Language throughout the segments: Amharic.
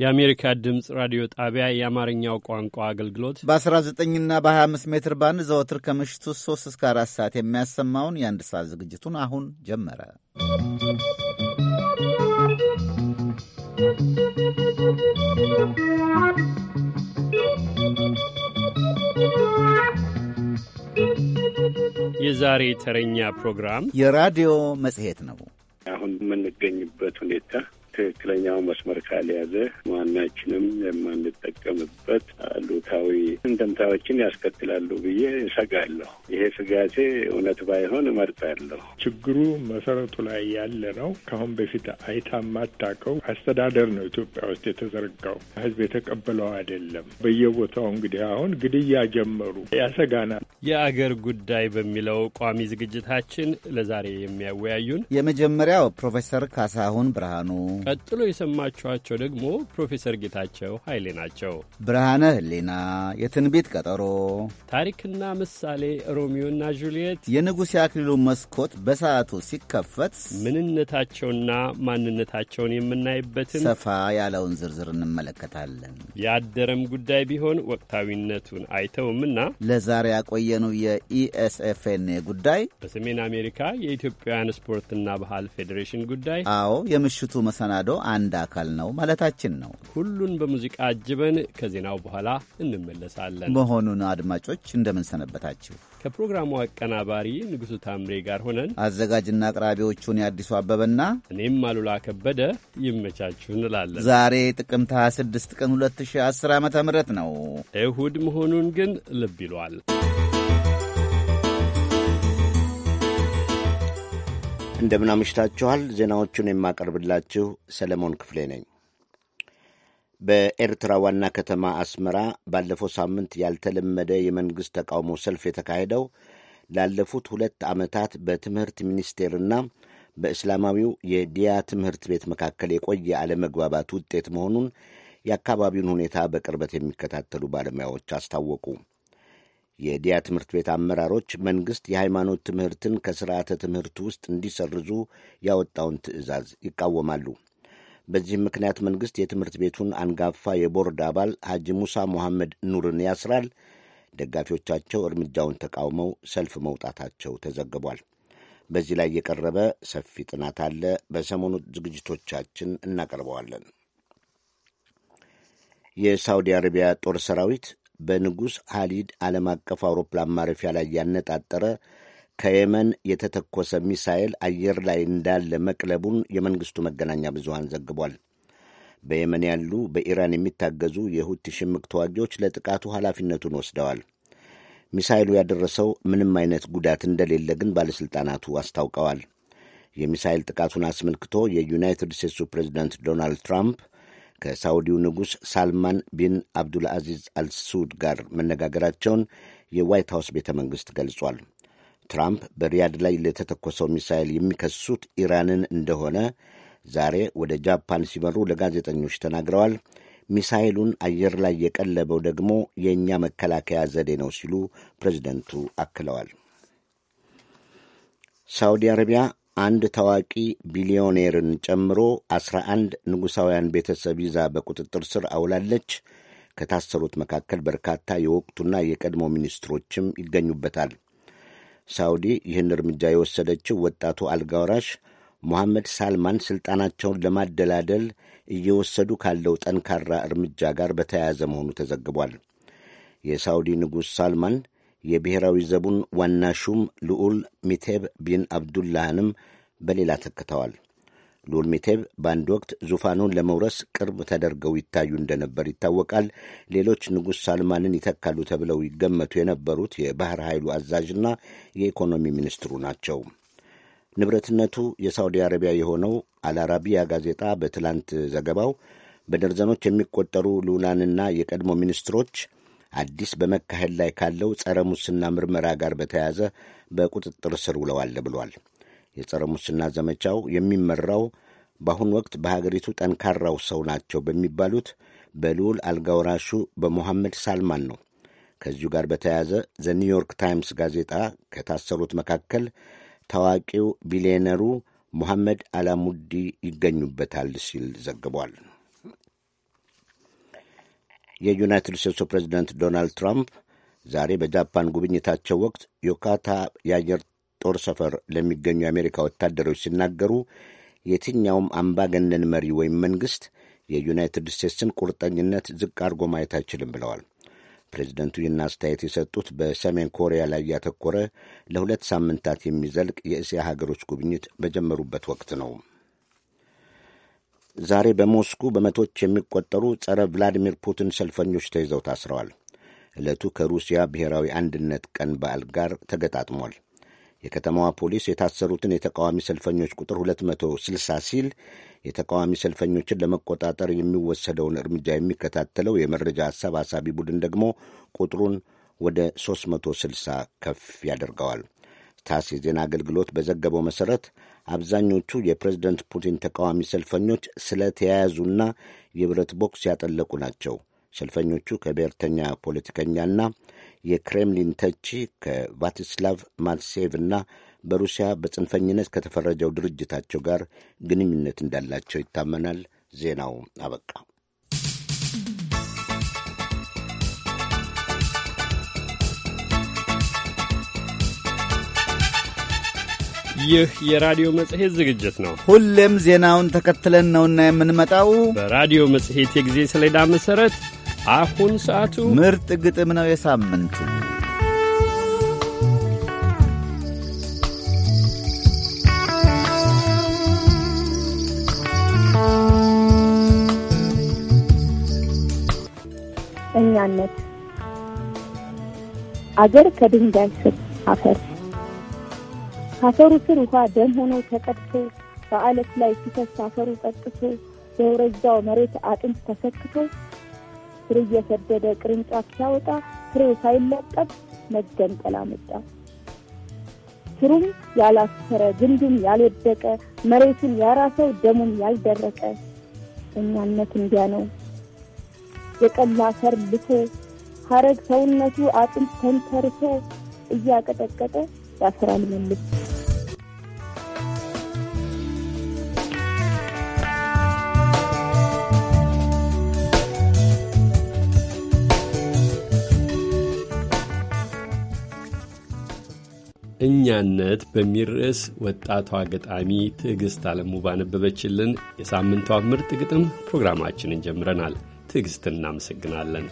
የአሜሪካ ድምፅ ራዲዮ ጣቢያ የአማርኛው ቋንቋ አገልግሎት በ19ና በ25 ሜትር ባንድ ዘወትር ከምሽቱ 3 እስከ 4 ሰዓት የሚያሰማውን የአንድ ሰዓት ዝግጅቱን አሁን ጀመረ። ¶¶ የዛሬ ተረኛ ፕሮግራም የራዲዮ መጽሔት ነው። አሁን የምንገኝበት ሁኔታ ትክክለኛው መስመር ካልያዘ ማናችንም የማንጠቀምበት አሉታዊ እንደምታዎችን ያስከትላሉ ብዬ እሰጋለሁ። ይሄ ስጋቴ እውነት ባይሆን እመርጣለሁ። ችግሩ መሰረቱ ላይ ያለ ነው። ከአሁን በፊት አይታ የማታውቀው አስተዳደር ነው ኢትዮጵያ ውስጥ የተዘረጋው። ህዝብ የተቀበለው አይደለም። በየቦታው እንግዲህ አሁን ግድያ ጀመሩ። ያሰጋናል። የአገር ጉዳይ በሚለው ቋሚ ዝግጅታችን ለዛሬ የሚያወያዩን የመጀመሪያው ፕሮፌሰር ካሳሁን ብርሃኑ ቀጥሎ የሰማችኋቸው ደግሞ ፕሮፌሰር ጌታቸው ኃይሌ ናቸው። ብርሃነ ሕሊና፣ የትንቢት ቀጠሮ፣ ታሪክና ምሳሌ፣ ሮሚዮና ጁልየት፣ የንጉሥ የአክሊሉ መስኮት በሰዓቱ ሲከፈት ምንነታቸውና ማንነታቸውን የምናይበትን ሰፋ ያለውን ዝርዝር እንመለከታለን። የአደረም ጉዳይ ቢሆን ወቅታዊነቱን አይተውምና ለዛሬ ያቆየኑ የኢኤስኤፍኤንኤ ጉዳይ፣ በሰሜን አሜሪካ የኢትዮጵያውያን ስፖርትና ባህል ፌዴሬሽን ጉዳይ፣ አዎ የምሽቱ መሰና መሰናዶ አንድ አካል ነው ማለታችን ነው። ሁሉን በሙዚቃ አጅበን ከዜናው በኋላ እንመለሳለን መሆኑን አድማጮች እንደምንሰነበታችሁ ከፕሮግራሙ አቀናባሪ ንጉሡ ታምሬ ጋር ሆነን አዘጋጅና አቅራቢዎቹን የአዲሱ አበበና እኔም አሉላ ከበደ ይመቻችሁ እንላለን። ዛሬ ጥቅምት 26 ቀን 2010 ዓ ም ነው እሁድ መሆኑን ግን ልብ ይሏል። እንደምናምሽታችኋል። ዜናዎቹን የማቀርብላችሁ ሰለሞን ክፍሌ ነኝ። በኤርትራ ዋና ከተማ አስመራ ባለፈው ሳምንት ያልተለመደ የመንግሥት ተቃውሞ ሰልፍ የተካሄደው ላለፉት ሁለት ዓመታት በትምህርት ሚኒስቴርና በእስላማዊው የዲያ ትምህርት ቤት መካከል የቆየ አለመግባባት ውጤት መሆኑን የአካባቢውን ሁኔታ በቅርበት የሚከታተሉ ባለሙያዎች አስታወቁ። የዲያ ትምህርት ቤት አመራሮች መንግሥት የሃይማኖት ትምህርትን ከሥርዓተ ትምህርት ውስጥ እንዲሰርዙ ያወጣውን ትዕዛዝ ይቃወማሉ። በዚህም ምክንያት መንግሥት የትምህርት ቤቱን አንጋፋ የቦርድ አባል ሐጂ ሙሳ ሞሐመድ ኑርን ያስራል። ደጋፊዎቻቸው እርምጃውን ተቃውመው ሰልፍ መውጣታቸው ተዘግቧል። በዚህ ላይ የቀረበ ሰፊ ጥናት አለ። በሰሞኑ ዝግጅቶቻችን እናቀርበዋለን። የሳውዲ አረቢያ ጦር ሰራዊት በንጉሥ ሃሊድ ዓለም አቀፍ አውሮፕላን ማረፊያ ላይ ያነጣጠረ ከየመን የተተኮሰ ሚሳኤል አየር ላይ እንዳለ መቅለቡን የመንግሥቱ መገናኛ ብዙሃን ዘግቧል። በየመን ያሉ በኢራን የሚታገዙ የሁቲ ሽምቅ ተዋጊዎች ለጥቃቱ ኃላፊነቱን ወስደዋል። ሚሳይሉ ያደረሰው ምንም አይነት ጉዳት እንደሌለ ግን ባለሥልጣናቱ አስታውቀዋል። የሚሳይል ጥቃቱን አስመልክቶ የዩናይትድ ስቴትሱ ፕሬዚዳንት ዶናልድ ትራምፕ ከሳውዲው ንጉሥ ሳልማን ቢን አብዱልአዚዝ አልሱድ ጋር መነጋገራቸውን የዋይት ሀውስ ቤተ መንግሥት ገልጿል። ትራምፕ በሪያድ ላይ ለተተኮሰው ሚሳይል የሚከሱት ኢራንን እንደሆነ ዛሬ ወደ ጃፓን ሲመሩ ለጋዜጠኞች ተናግረዋል። ሚሳይሉን አየር ላይ የቀለበው ደግሞ የእኛ መከላከያ ዘዴ ነው ሲሉ ፕሬዚደንቱ አክለዋል። ሳዑዲ አረቢያ አንድ ታዋቂ ቢሊዮኔርን ጨምሮ አስራ አንድ ንጉሣውያን ቤተሰብ ይዛ በቁጥጥር ስር አውላለች። ከታሰሩት መካከል በርካታ የወቅቱና የቀድሞ ሚኒስትሮችም ይገኙበታል። ሳውዲ ይህን እርምጃ የወሰደችው ወጣቱ አልጋውራሽ ሞሐመድ ሳልማን ሥልጣናቸውን ለማደላደል እየወሰዱ ካለው ጠንካራ እርምጃ ጋር በተያያዘ መሆኑ ተዘግቧል። የሳውዲ ንጉሥ ሳልማን የብሔራዊ ዘቡን ዋና ሹም ልዑል ሚቴብ ቢን አብዱላህንም በሌላ ተክተዋል። ልዑል ሚቴብ በአንድ ወቅት ዙፋኑን ለመውረስ ቅርብ ተደርገው ይታዩ እንደነበር ይታወቃል። ሌሎች ንጉሥ ሳልማንን ይተካሉ ተብለው ይገመቱ የነበሩት የባሕር ኃይሉ አዛዥና የኢኮኖሚ ሚኒስትሩ ናቸው። ንብረትነቱ የሳውዲ አረቢያ የሆነው አልአራቢያ ጋዜጣ በትላንት ዘገባው በደርዘኖች የሚቆጠሩ ልዑላንና የቀድሞ ሚኒስትሮች አዲስ በመካሄድ ላይ ካለው ጸረ ሙስና ምርመራ ጋር በተያያዘ በቁጥጥር ስር ውለዋል ብሏል። የጸረ ሙስና ዘመቻው የሚመራው በአሁኑ ወቅት በሀገሪቱ ጠንካራው ሰው ናቸው በሚባሉት በልዑል አልጋውራሹ በሞሐመድ ሳልማን ነው። ከዚሁ ጋር በተያያዘ ዘ ኒውዮርክ ታይምስ ጋዜጣ ከታሰሩት መካከል ታዋቂው ቢሊዮነሩ ሞሐመድ አላሙዲ ይገኙበታል ሲል ዘግቧል። የዩናይትድ ስቴትሱ ፕሬዚደንት ዶናልድ ትራምፕ ዛሬ በጃፓን ጉብኝታቸው ወቅት ዮካታ የአየር ጦር ሰፈር ለሚገኙ የአሜሪካ ወታደሮች ሲናገሩ የትኛውም አምባገነን መሪ ወይም መንግሥት የዩናይትድ ስቴትስን ቁርጠኝነት ዝቅ አድርጎ ማየት አይችልም ብለዋል። ፕሬዚደንቱ ይህን አስተያየት የሰጡት በሰሜን ኮሪያ ላይ ያተኮረ ለሁለት ሳምንታት የሚዘልቅ የእስያ ሀገሮች ጉብኝት በጀመሩበት ወቅት ነው። ዛሬ በሞስኩ በመቶች የሚቆጠሩ ጸረ ቭላዲሚር ፑቲን ሰልፈኞች ተይዘው ታስረዋል። ዕለቱ ከሩሲያ ብሔራዊ አንድነት ቀን በዓል ጋር ተገጣጥሟል። የከተማዋ ፖሊስ የታሰሩትን የተቃዋሚ ሰልፈኞች ቁጥር 260 ሲል የተቃዋሚ ሰልፈኞችን ለመቆጣጠር የሚወሰደውን እርምጃ የሚከታተለው የመረጃ አሰባሳቢ ቡድን ደግሞ ቁጥሩን ወደ 360 ከፍ ያደርገዋል። ታስ የዜና አገልግሎት በዘገበው መሠረት አብዛኞቹ የፕሬዝደንት ፑቲን ተቃዋሚ ሰልፈኞች ስለተያያዙና የብረት ቦክስ ያጠለቁ ናቸው። ሰልፈኞቹ ከብሔርተኛ ፖለቲከኛና የክሬምሊን ተቺ ከቫቲስላቭ ማልሴቭና በሩሲያ በጽንፈኝነት ከተፈረጀው ድርጅታቸው ጋር ግንኙነት እንዳላቸው ይታመናል። ዜናው አበቃ። ይህ የራዲዮ መጽሔት ዝግጅት ነው። ሁሌም ዜናውን ተከትለን ነውና የምንመጣው። በራዲዮ መጽሔት የጊዜ ሰሌዳ መሠረት አሁን ሰዓቱ ምርጥ ግጥም ነው የሳምንቱ እኛነት አገር ከድንጋይ ስር አፈር ከአፈሩ ስር ውሃ ደም ሆኖ ተቀድቶ በአለት ላይ ሲፈስ አፈሩ ጠጥቶ በውረጃው መሬት አጥንት ተሰክቶ ፍሬ እየሰደደ ቅርንጫፍ ሲያወጣ ፍሬው ሳይለጠብ መገንጠል አመጣ። ስሩም ያላሰረ ግንዱም ያልወደቀ መሬቱን ያራሰው ደሙም ያልደረቀ እኛነት እንዲያ ነው የቀላ ሰር ልቶ ሀረግ ሰውነቱ አጥንት ተንተርቶ እያቀጠቀጠ ያስራል መልስ እኛነት በሚል ርዕስ ወጣቷ ገጣሚ ትዕግሥት አለሙ ባነበበችልን የሳምንቷ ምርጥ ግጥም ፕሮግራማችንን ጀምረናል። ትዕግሥት እናመሰግናለን።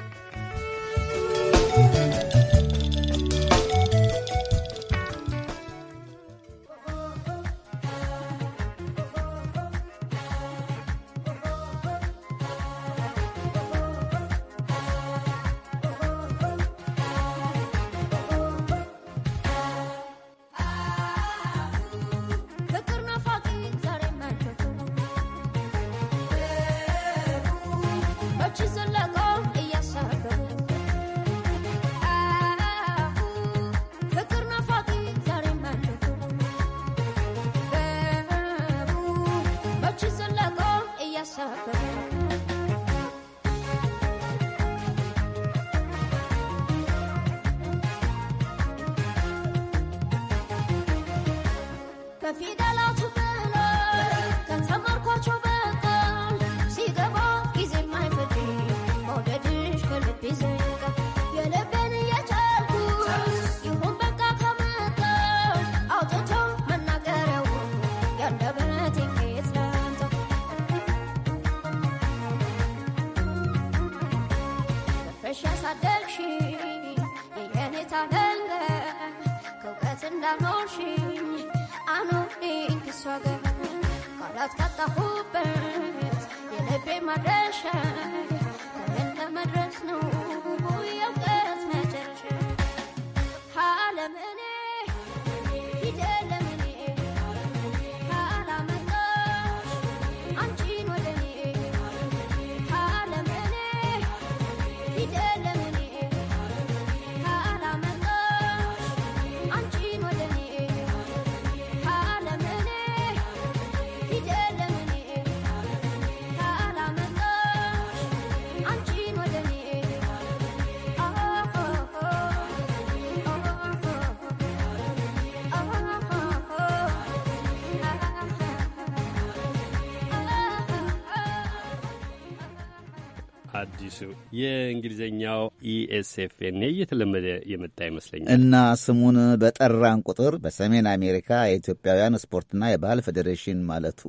አዲሱ የእንግሊዝኛው ኢኤስኤፍኤን e እየተለመደ የመጣ ይመስለኛል እና ስሙን በጠራን ቁጥር በሰሜን አሜሪካ የኢትዮጵያውያን ስፖርትና የባህል ፌዴሬሽን ማለቱ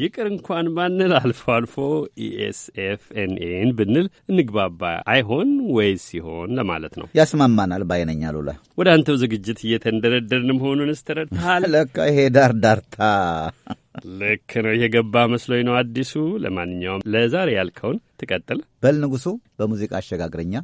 ይቅር እንኳን ባንል አልፎ አልፎ ኢኤስኤፍኤንኤን e ብንል እንግባባ አይሆን ወይስ ሲሆን ለማለት ነው። ያስማማናል ባይነኛ ሉላ ወደ አንተው ዝግጅት እየተንደረደርን መሆኑን ስተረድተሃል። ለካ ይሄ ዳር ዳርታ ልክ ነው። የገባ መስሎኝ ነው አዲሱ። ለማንኛውም ለዛሬ ያልከውን ትቀጥል በል ንጉሱ። በሙዚቃ አሸጋግረኛ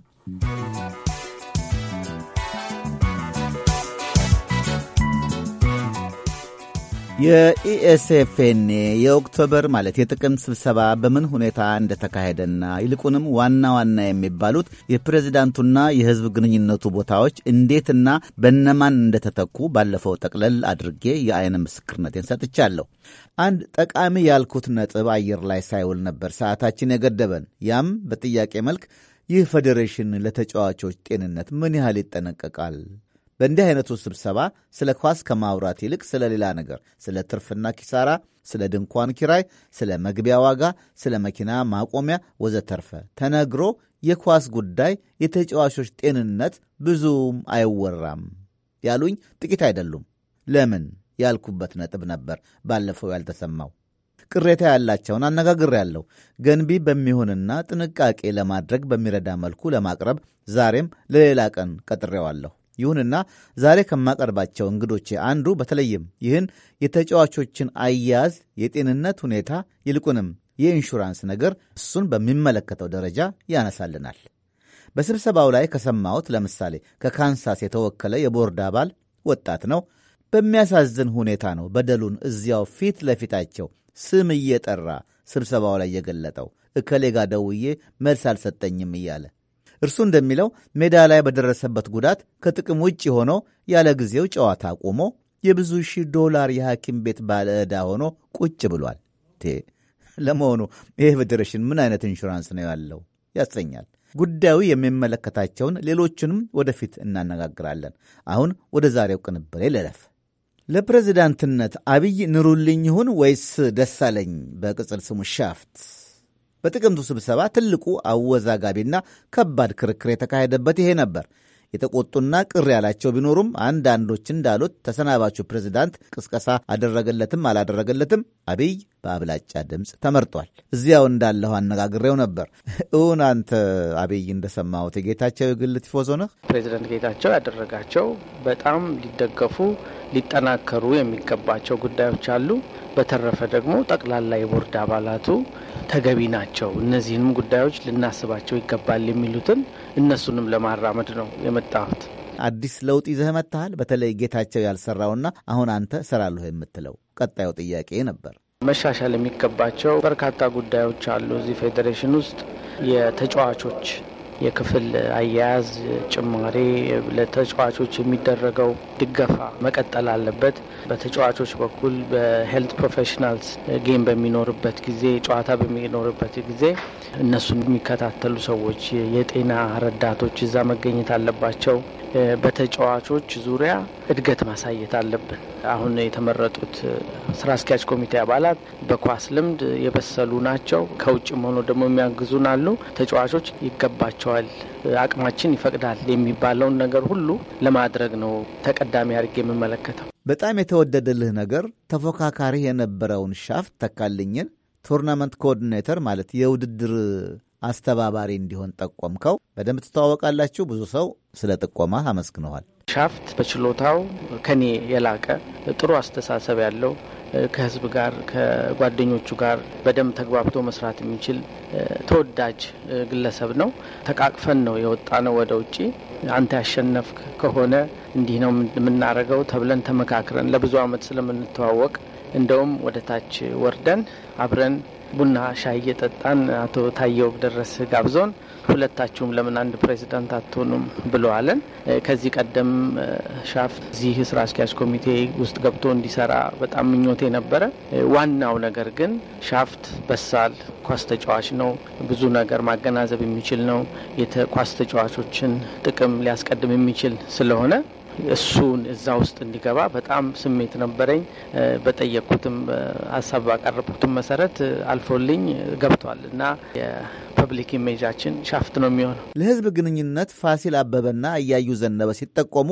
የኢኤስኤፍኔ የኦክቶበር ማለት የጥቅምት ስብሰባ በምን ሁኔታ እንደተካሄደና ይልቁንም ዋና ዋና የሚባሉት የፕሬዚዳንቱና የሕዝብ ግንኙነቱ ቦታዎች እንዴትና በነማን እንደተተኩ ባለፈው ጠቅለል አድርጌ የአይን ምስክርነቴን ሰጥቻለሁ። አንድ ጠቃሚ ያልኩት ነጥብ አየር ላይ ሳይውል ነበር ሰዓታችን የገደበን። ያም በጥያቄ መልክ ይህ ፌዴሬሽን ለተጫዋቾች ጤንነት ምን ያህል ይጠነቀቃል በእንዲህ አይነቱ ስብሰባ ስለ ኳስ ከማውራት ይልቅ ስለ ሌላ ነገር፣ ስለ ትርፍና ኪሳራ፣ ስለ ድንኳን ኪራይ፣ ስለ መግቢያ ዋጋ፣ ስለ መኪና ማቆሚያ ወዘተርፈ ተነግሮ የኳስ ጉዳይ፣ የተጫዋቾች ጤንነት ብዙም አይወራም ያሉኝ ጥቂት አይደሉም። ለምን ያልኩበት ነጥብ ነበር ባለፈው ያልተሰማው። ቅሬታ ያላቸውን ያለው ገንቢ በሚሆንና ጥንቃቄ ለማድረግ በሚረዳ መልኩ ለማቅረብ ዛሬም ለሌላ ቀን ቀጥሬዋለሁ። ይሁንና ዛሬ ከማቀርባቸው እንግዶቼ አንዱ በተለይም ይህን የተጫዋቾችን አያያዝ፣ የጤንነት ሁኔታ ይልቁንም የኢንሹራንስ ነገር እሱን በሚመለከተው ደረጃ ያነሳልናል። በስብሰባው ላይ ከሰማሁት ለምሳሌ ከካንሳስ የተወከለ የቦርድ አባል ወጣት ነው። በሚያሳዝን ሁኔታ ነው በደሉን እዚያው ፊት ለፊታቸው ስም እየጠራ ስብሰባው ላይ የገለጠው። እከሌ ጋ ደውዬ መልስ አልሰጠኝም እያለ እርሱ እንደሚለው ሜዳ ላይ በደረሰበት ጉዳት ከጥቅም ውጭ ሆኖ ያለ ጊዜው ጨዋታ ቆሞ የብዙ ሺህ ዶላር የሐኪም ቤት ባለ ዕዳ ሆኖ ቁጭ ብሏል። ለመሆኑ ይህ ፌዴሬሽን ምን አይነት ኢንሹራንስ ነው ያለው ያሰኛል። ጉዳዩ የሚመለከታቸውን ሌሎቹንም ወደፊት እናነጋግራለን። አሁን ወደ ዛሬው ቅንብሬ ልለፍ። ለፕሬዚዳንትነት አብይ ኑሩልኝ ይሁን ወይስ ደሳለኝ በቅጽል ስሙ ሻፍት በጥቅምቱ ስብሰባ ትልቁ አወዛጋቢና ከባድ ክርክር የተካሄደበት ይሄ ነበር። የተቆጡና ቅር ያላቸው ቢኖሩም አንዳንዶች እንዳሉት ተሰናባቹ ፕሬዚዳንት ቅስቀሳ አደረገለትም አላደረገለትም አብይ በአብላጫ ድምፅ ተመርጧል። እዚያው እንዳለሁ አነጋግሬው ነበር። እውን አንተ አብይ እንደሰማሁት የጌታቸው የግል ቲፎዞ ነህ? ፕሬዚደንት ጌታቸው ያደረጋቸው በጣም ሊደገፉ ሊጠናከሩ የሚገባቸው ጉዳዮች አሉ። በተረፈ ደግሞ ጠቅላላ የቦርድ አባላቱ ተገቢ ናቸው፣ እነዚህንም ጉዳዮች ልናስባቸው ይገባል የሚሉትን እነሱንም ለማራመድ ነው የመጣሁት። አዲስ ለውጥ ይዘህ መጥተሃል። በተለይ ጌታቸው ያልሰራውና አሁን አንተ እሰራለሁ የምትለው ቀጣዩ ጥያቄ ነበር። መሻሻል የሚገባቸው በርካታ ጉዳዮች አሉ። እዚህ ፌዴሬሽን ውስጥ የተጫዋቾች የክፍል አያያዝ ጭማሬ፣ ለተጫዋቾች የሚደረገው ድገፋ መቀጠል አለበት። በተጫዋቾች በኩል በሄልት ፕሮፌሽናልስ ጌም በሚኖርበት ጊዜ፣ ጨዋታ በሚኖርበት ጊዜ እነሱን የሚከታተሉ ሰዎች፣ የጤና ረዳቶች እዛ መገኘት አለባቸው። በተጫዋቾች ዙሪያ እድገት ማሳየት አለብን። አሁን የተመረጡት ስራ አስኪያጅ ኮሚቴ አባላት በኳስ ልምድ የበሰሉ ናቸው። ከውጭም ሆኖ ደግሞ የሚያግዙን አሉ። ተጫዋቾች ይገባቸዋል፣ አቅማችን ይፈቅዳል የሚባለውን ነገር ሁሉ ለማድረግ ነው ተቀዳሚ አድርጌ የምመለከተው። በጣም የተወደደልህ ነገር ተፎካካሪ የነበረውን ሻፍ ተካልኝን ቱርናመንት ኮኦርዲኔተር ማለት የውድድር አስተባባሪ እንዲሆን ጠቆምከው። በደንብ ትተዋወቃላችሁ። ብዙ ሰው ስለ ጥቆማ አመስግነዋል። ሻፍት በችሎታው ከኔ የላቀ ጥሩ አስተሳሰብ ያለው ከህዝብ ጋር ከጓደኞቹ ጋር በደንብ ተግባብቶ መስራት የሚችል ተወዳጅ ግለሰብ ነው። ተቃቅፈን ነው የወጣ ነው ወደ ውጭ። አንተ ያሸነፍክ ከሆነ እንዲህ ነው የምናረገው ተብለን ተመካክረን ለብዙ አመት ስለምንተዋወቅ እንደውም ወደ ታች ወርደን አብረን ቡና ሻይ እየጠጣን አቶ ታየው ደረስ ጋብዞን ሁለታችሁም ለምን አንድ ፕሬዚዳንት አትሆኑም ብሎ አለን። ከዚህ ቀደም ሻፍ እዚህ ስራ አስኪያጅ ኮሚቴ ውስጥ ገብቶ እንዲሰራ በጣም ምኞቴ ነበረ። ዋናው ነገር ግን ሻፍት በሳል ኳስ ተጫዋች ነው። ብዙ ነገር ማገናዘብ የሚችል ነው። የኳስ ተጫዋቾችን ጥቅም ሊያስቀድም የሚችል ስለሆነ እሱን እዛ ውስጥ እንዲገባ በጣም ስሜት ነበረኝ። በጠየቅኩትም ሀሳብ ባቀረብኩትም መሰረት አልፎልኝ ገብቷል እና የፐብሊክ ኢሜጃችን ሻፍት ነው የሚሆነው። ለህዝብ ግንኙነት ፋሲል አበበና እያዩ ዘነበ ሲጠቆሙ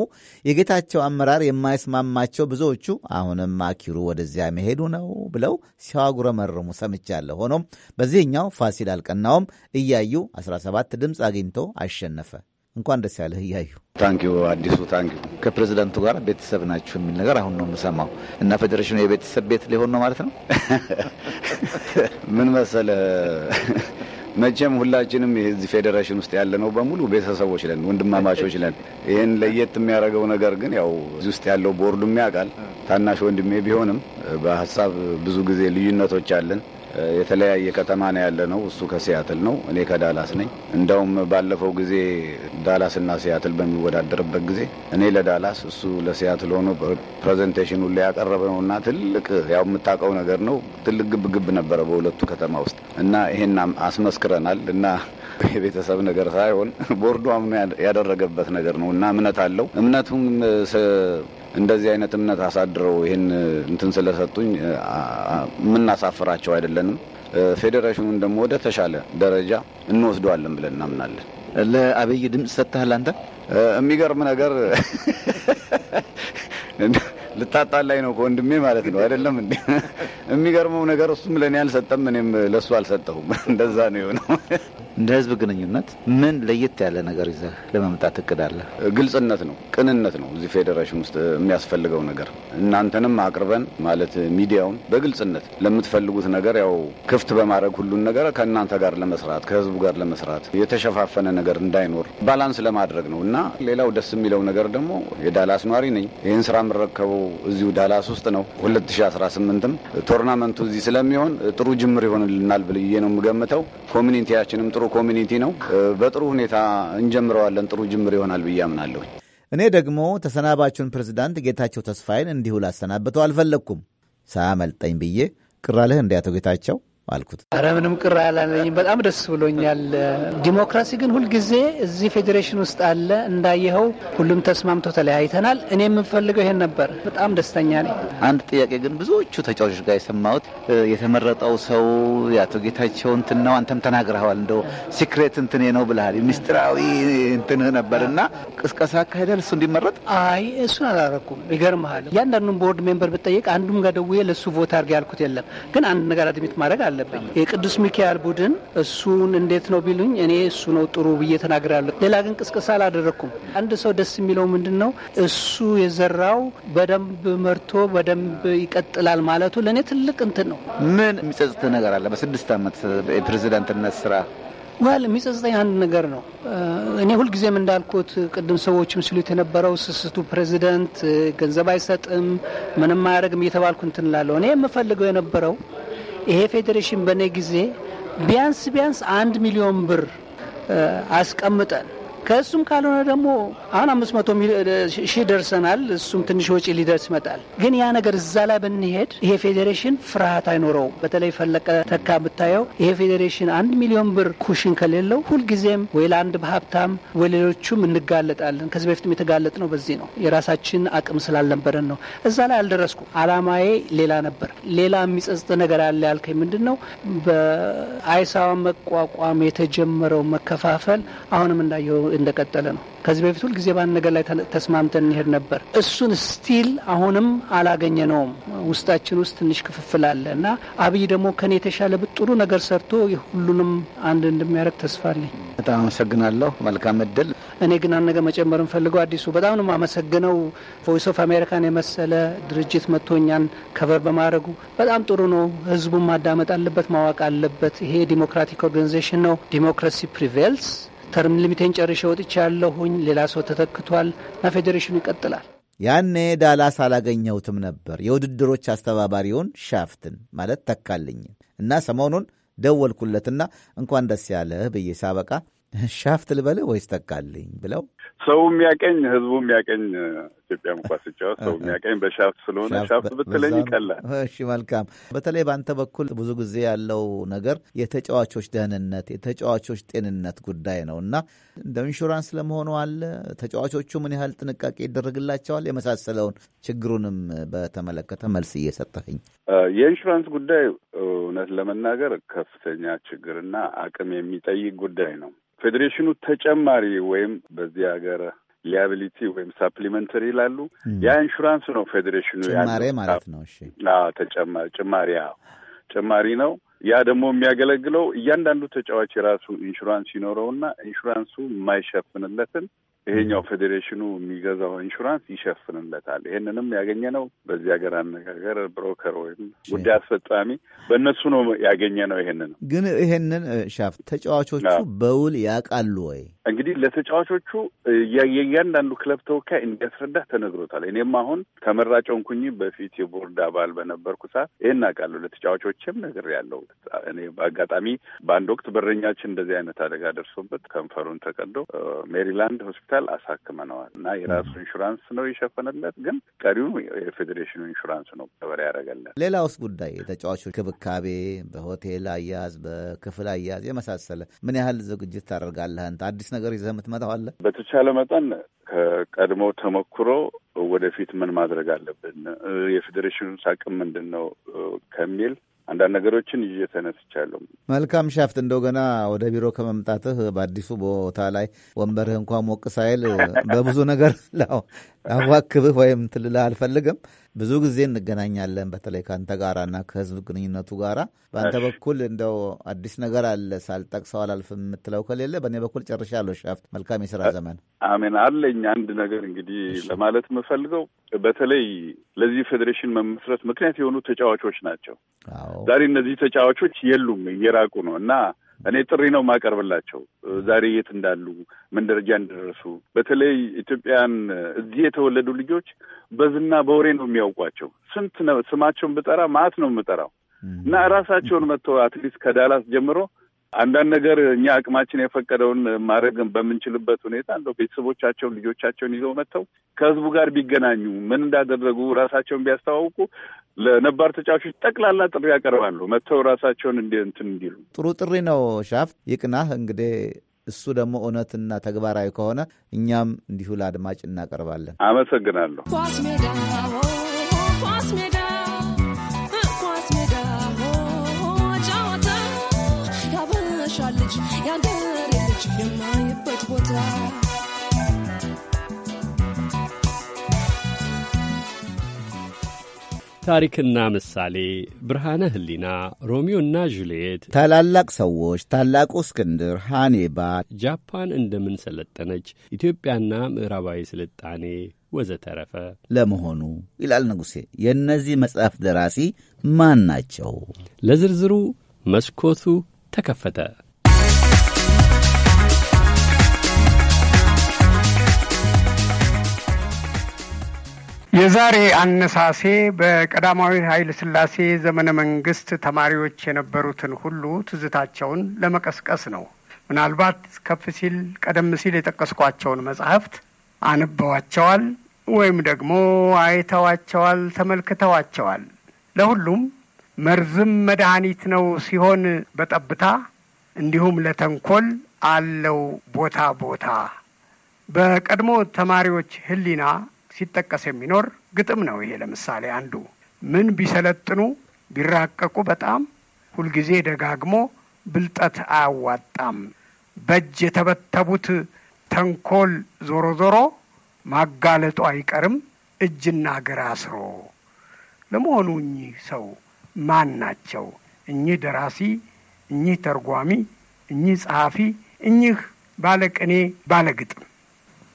የጌታቸው አመራር የማይስማማቸው ብዙዎቹ አሁንም አኪሩ ወደዚያ መሄዱ ነው ብለው ሲያጉረመርሙ ሰምቻለሁ። ሆኖም በዚህኛው ፋሲል አልቀናውም። እያዩ 17 ድምፅ አግኝቶ አሸነፈ። እንኳን ደስ ያለህ እያዩ ታንኪ አዲሱ ታንኪ ከፕሬዚዳንቱ ጋር ቤተሰብ ናችሁ የሚል ነገር አሁን ነው የምሰማው። እና ፌዴሬሽኑ የቤተሰብ ቤት ሊሆን ነው ማለት ነው። ምን መሰለ መቼም ሁላችንም የዚህ ፌዴሬሽን ውስጥ ያለነው በሙሉ ቤተሰቦች ለን፣ ወንድማማቾች ለን። ይህን ለየት የሚያደርገው ነገር ግን ያው እዚህ ውስጥ ያለው ቦርዱ ያውቃል። ታናሽ ወንድሜ ቢሆንም በሀሳብ ብዙ ጊዜ ልዩነቶች አለን። የተለያየ ከተማ ነው ያለ ነው። እሱ ከሲያትል ነው፣ እኔ ከዳላስ ነኝ። እንደውም ባለፈው ጊዜ ዳላስና ሲያትል በሚወዳደርበት ጊዜ እኔ ለዳላስ እሱ ለሲያትል ሆኖ ፕሬዘንቴሽኑ ላይ ያቀረበ እና ትልቅ ያው የምታውቀው ነገር ነው። ትልቅ ግብግብ ነበረ በሁለቱ ከተማ ውስጥ እና ይሄን አስመስክረናል እና የቤተሰብ ነገር ሳይሆን ቦርዱ አምኖ ያደረገበት ነገር ነው እና እምነት አለው እምነቱም እንደዚህ አይነት እምነት አሳድረው ይህን እንትን ስለሰጡኝ የምናሳፍራቸው አይደለንም። ፌዴሬሽኑን ደግሞ ወደ ተሻለ ደረጃ እንወስደዋለን ብለን እናምናለን። ለአብይ ድምፅ ሰጥተሃል አንተ። የሚገርም ነገር ላይ ነው ከወንድሜ ማለት ነው አይደለም እንዴ? የሚገርመው ነገር እሱም ለእኔ አልሰጠም፣ እኔም ለእሱ አልሰጠሁም። እንደዛ ነው የሆነው። እንደ ህዝብ ግንኙነት ምን ለየት ያለ ነገር ይዘህ ለመምጣት እቅዳለ ግልጽነት ነው፣ ቅንነት ነው እዚህ ፌዴሬሽን ውስጥ የሚያስፈልገው ነገር። እናንተንም አቅርበን ማለት ሚዲያውን በግልጽነት ለምትፈልጉት ነገር ያው ክፍት በማድረግ ሁሉን ነገር ከእናንተ ጋር ለመስራት ከህዝቡ ጋር ለመስራት የተሸፋፈነ ነገር እንዳይኖር ባላንስ ለማድረግ ነው እና ሌላው ደስ የሚለው ነገር ደግሞ የዳላስ ኗሪ ነኝ ይህን ስራ የምረከበው እዚሁ ዳላስ ውስጥ ነው። 2018ም ቶርናመንቱ እዚህ ስለሚሆን ጥሩ ጅምር ይሆንልናል ብልዬ ነው የምገምተው። ኮሚኒቲያችንም ጥሩ ኮሚኒቲ ነው። በጥሩ ሁኔታ እንጀምረዋለን። ጥሩ ጅምር ይሆናል ብዬ አምናለሁ። እኔ ደግሞ ተሰናባቹን ፕሬዝዳንት ጌታቸው ተስፋዬን እንዲሁ ላሰናብተው አልፈለግኩም። ሳያመልጠኝ ብዬ ቅራልህ እንዲያተው ጌታቸው አልኩት። አረ ምንም ቅር አላለኝም። በጣም ደስ ብሎኛል። ዲሞክራሲ ግን ሁልጊዜ እዚህ ፌዴሬሽን ውስጥ አለ። እንዳየኸው ሁሉም ተስማምቶ ተለያይተናል። እኔ የምንፈልገው ይሄን ነበር። በጣም ደስተኛ ነኝ። አንድ ጥያቄ ግን ብዙዎቹ ተጫዋቾች ጋር የሰማሁት የተመረጠው ሰው የአቶ ጌታቸው እንትን ነው። አንተም ተናግረዋል። እንደው ሲክሬት እንትኔ ነው ብልሃል። ሚስጥራዊ እንትንህ ነበር እና ቅስቀሳ አካሄዳል እሱ እንዲመረጥ። አይ እሱን አላረኩም። ይገርምሃል፣ እያንዳንዱን ቦርድ ሜምበር ብጠየቅ አንዱም ጋር ደውዬ ለእሱ ቮት አድርጌ ያልኩት የለም። ግን አንድ ነገር አድሚት ማድረግ አለብኝ። የቅዱስ ሚካኤል ቡድን እሱን እንዴት ነው ቢሉኝ እኔ እሱ ነው ጥሩ ብዬ ተናግራለሁ። ሌላ ግን ቅስቅሳ አላደረግኩም። አንድ ሰው ደስ የሚለው ምንድን ነው እሱ የዘራው በደንብ መርቶ በደንብ ይቀጥላል ማለቱ ለእኔ ትልቅ እንትን ነው። ምን የሚጸጽት ነገር አለ? በስድስት ዓመት የፕሬዚዳንትነት ስራ ዋል የሚጸጽተኝ አንድ ነገር ነው። እኔ ሁልጊዜም እንዳልኩት ቅድም ሰዎችም ሲሉት የነበረው ስስቱ ፕሬዚደንት ገንዘብ አይሰጥም ምንም አያደርግም እየተባልኩ እንትን እላለሁ። እኔ የምፈልገው የነበረው ይሄ ፌዴሬሽን በእኔ ጊዜ ቢያንስ ቢያንስ አንድ ሚሊዮን ብር አስቀምጠን ከእሱም ካልሆነ ደግሞ አሁን አምስት መቶ ሺህ ደርሰናል። እሱም ትንሽ ወጪ ሊደርስ ይመጣል። ግን ያ ነገር እዛ ላይ ብንሄድ ይሄ ፌዴሬሽን ፍርሃት አይኖረውም። በተለይ ፈለቀ ተካ ብታየው ይሄ ፌዴሬሽን አንድ ሚሊዮን ብር ኩሽን ከሌለው ሁልጊዜም ወይ ለአንድ በሀብታም ወይ ሌሎቹም እንጋለጣለን። ከዚህ በፊትም የተጋለጥ ነው። በዚህ ነው የራሳችን አቅም ስላልነበረን ነው። እዛ ላይ አልደረስኩ። አላማዬ ሌላ ነበር። ሌላ የሚጸጽጥ ነገር አለ ያልከኝ ምንድን ነው? በአይሳዋ መቋቋም የተጀመረው መከፋፈል አሁንም እንዳየው እንደቀጠለ ነው። ከዚህ በፊት ሁልጊዜ በአንድ ነገር ላይ ተስማምተን እንሄድ ነበር። እሱን ስቲል አሁንም አላገኘ ነውም። ውስጣችን ውስጥ ትንሽ ክፍፍል አለ እና አብይ ደግሞ ከኔ የተሻለ ጥሩ ነገር ሰርቶ ሁሉንም አንድ እንደሚያደርግ ተስፋ አለኝ። በጣም አመሰግናለሁ። መልካም እድል። እኔ ግን አንድ ነገር መጨመር እንፈልገው አዲሱ በጣም ነው የማመሰግነው ቮይስ ኦፍ አሜሪካን የመሰለ ድርጅት መጥቶ እኛን ከበር በማድረጉ በጣም ጥሩ ነው። ህዝቡን ማዳመጥ አለበት፣ ማወቅ አለበት። ይሄ ዲሞክራቲክ ኦርጋኒዜሽን ነው። ዲሞክራሲ ፕሪቬልስ ተርም ልሚቴን ጨርሼ ወጥቻለሁኝ። ሌላ ሰው ተተክቷል እና ፌዴሬሽኑ ይቀጥላል። ያኔ ዳላስ አላገኘሁትም ነበር የውድድሮች አስተባባሪውን ሻፍትን ማለት ተካልኝ እና ሰሞኑን ደወልኩለትና እንኳን ደስ ያለህ ብዬ ሳበቃ ሻፍት ልበልህ ወይስ ተካልኝ ብለው ሰው የሚያቀኝ ህዝቡ የሚያቀኝ ኢትዮጵያ ኳስ ሲጫወት ሰው የሚያቀኝ በሻፍት ስለሆነ ሻፍት ብትለኝ ይቀላል። እሺ መልካም። በተለይ በአንተ በኩል ብዙ ጊዜ ያለው ነገር የተጫዋቾች ደህንነት፣ የተጫዋቾች ጤንነት ጉዳይ ነው እና እንደ ኢንሹራንስ ለመሆኑ አለ ተጫዋቾቹ ምን ያህል ጥንቃቄ ይደረግላቸዋል? የመሳሰለውን ችግሩንም በተመለከተ መልስ እየሰጠኝ የኢንሹራንስ ጉዳይ እውነት ለመናገር ከፍተኛ ችግርና አቅም የሚጠይቅ ጉዳይ ነው። ፌዴሬሽኑ ተጨማሪ ወይም በዚህ ሀገር ሊያቢሊቲ ወይም ሳፕሊመንተሪ ይላሉ። ያ ኢንሹራንስ ነው። ፌዴሬሽኑ ጭማሬ ማለት ነው። እሺ፣ ተጨማሪ ጭማሪ፣ ጭማሪ ነው። ያ ደግሞ የሚያገለግለው እያንዳንዱ ተጫዋች የራሱ ኢንሹራንስ ይኖረውና ኢንሹራንሱ የማይሸፍንለትን ይሄኛው ፌዴሬሽኑ የሚገዛው ኢንሹራንስ ይሸፍንለታል። ይሄንንም ነው በዚህ ሀገር አነጋገር ብሮከር ወይም ጉዳይ አስፈጻሚ በእነሱ ነው ነው። ይሄንን ግን ይሄንን ሻፍ ተጫዋቾቹ በውል ያውቃሉ ወይ? እንግዲህ ለተጫዋቾቹ የእያንዳንዱ ክለብ ተወካይ እንዲያስረዳ ተነግሮታል። እኔም አሁን ተመራጭ ሆንኩኝ። በፊት የቦርድ አባል በነበርኩ ሰዓት ይህን አውቃለሁ። ለተጫዋቾችም ነግሬያለሁ። እኔ በአጋጣሚ በአንድ ወቅት በረኛችን እንደዚህ አይነት አደጋ ደርሶበት ከንፈሩን ተቀዶ ሜሪላንድ ሆስፒታል አሳክመነዋል እና የራሱ ኢንሹራንስ ነው የሸፈነለት፣ ግን ቀሪው የፌዴሬሽኑ ኢንሹራንስ ነው ከበሬ ያደረገለት። ሌላውስ ጉዳይ የተጫዋቾች ክብካቤ፣ በሆቴል አያያዝ፣ በክፍል አያያዝ የመሳሰለ ምን ያህል ዝግጅት ታደርጋለህ አዲስ አዲስ ነገር ይዘህ የምትመጣው አለ? በተቻለ መጠን ከቀድሞ ተሞክሮ ወደፊት ምን ማድረግ አለብን፣ የፌዴሬሽኑ አቅም ምንድን ነው ከሚል አንዳንድ ነገሮችን ይዤ ተነስቻለሁ። መልካም ሻፍት። እንደው ገና ወደ ቢሮ ከመምጣትህ በአዲሱ ቦታ ላይ ወንበርህ እንኳን ሞቅ ሳይል በብዙ ነገር አዋክብህ ወይም ትልልህ አልፈልግም። ብዙ ጊዜ እንገናኛለን፣ በተለይ ከአንተ እና ከህዝብ ግንኙነቱ ጋራ። በአንተ በኩል እንደው አዲስ ነገር አለ ሳልጠቅሰው አላልፍ የምትለው ከሌለ፣ በእኔ በኩል ጨርሻለሁ። ሻፍት መልካም የስራ ዘመን። አሜን አለኝ። አንድ ነገር እንግዲህ ለማለት የምፈልገው በተለይ ለዚህ ፌዴሬሽን መመስረት ምክንያት የሆኑ ተጫዋቾች ናቸው። ዛሬ እነዚህ ተጫዋቾች የሉም፣ እየራቁ ነው እና እኔ ጥሪ ነው የማቀርብላቸው ዛሬ የት እንዳሉ ምን ደረጃ እንደደረሱ። በተለይ ኢትዮጵያን እዚህ የተወለዱ ልጆች በዝና በወሬ ነው የሚያውቋቸው። ስንት ነው ስማቸውን ብጠራ ማት ነው የምጠራው እና ራሳቸውን መጥተው አትሊስት ከዳላስ ጀምሮ አንዳንድ ነገር እኛ አቅማችን የፈቀደውን ማድረግ በምንችልበት ሁኔታ እንደው ቤተሰቦቻቸውን ልጆቻቸውን ይዘው መጥተው ከህዝቡ ጋር ቢገናኙ ምን እንዳደረጉ ራሳቸውን ቢያስተዋውቁ ለነባር ተጫዋቾች ጠቅላላ ጥሪ ያቀርባሉ መጥተው ራሳቸውን እንዲ እንትን እንዲሉ ጥሩ ጥሪ ነው። ሻፍ ይቅናህ እንግዲህ እሱ ደግሞ እውነትና ተግባራዊ ከሆነ እኛም እንዲሁ ለአድማጭ እናቀርባለን። አመሰግናለሁ። ኳስ ልጅ ልጅ የማይበት ቦታ ታሪክና ምሳሌ፣ ብርሃነ ህሊና፣ ሮሚዮና ጁልየት፣ ታላላቅ ሰዎች፣ ታላቁ እስክንድር፣ ሃኔባ፣ ጃፓን እንደምን ሰለጠነች፣ ኢትዮጵያና ምዕራባዊ ስልጣኔ ወዘተረፈ። ለመሆኑ ይላል ንጉሴ፣ የእነዚህ መጽሐፍ ደራሲ ማን ናቸው? ለዝርዝሩ መስኮቱ ተከፈተ። የዛሬ አነሳሴ በቀዳማዊ ኃይለ ሥላሴ ዘመነ መንግስት ተማሪዎች የነበሩትን ሁሉ ትዝታቸውን ለመቀስቀስ ነው። ምናልባት ከፍ ሲል ቀደም ሲል የጠቀስኳቸውን መጽሐፍት አንበዋቸዋል ወይም ደግሞ አይተዋቸዋል፣ ተመልክተዋቸዋል። ለሁሉም መርዝም መድኃኒት ነው ሲሆን በጠብታ እንዲሁም ለተንኮል አለው ቦታ ቦታ በቀድሞ ተማሪዎች ህሊና። ሲጠቀስ የሚኖር ግጥም ነው። ይሄ ለምሳሌ አንዱ ምን ቢሰለጥኑ ቢራቀቁ በጣም ሁልጊዜ ደጋግሞ ብልጠት አያዋጣም። በእጅ የተበተቡት ተንኮል ዞሮ ዞሮ ማጋለጡ አይቀርም እጅና እግር አስሮ። ለመሆኑ እኚህ ሰው ማን ናቸው? እኚህ ደራሲ፣ እኚህ ተርጓሚ፣ እኚህ ጸሐፊ፣ እኚህ ባለቅኔ ባለግጥም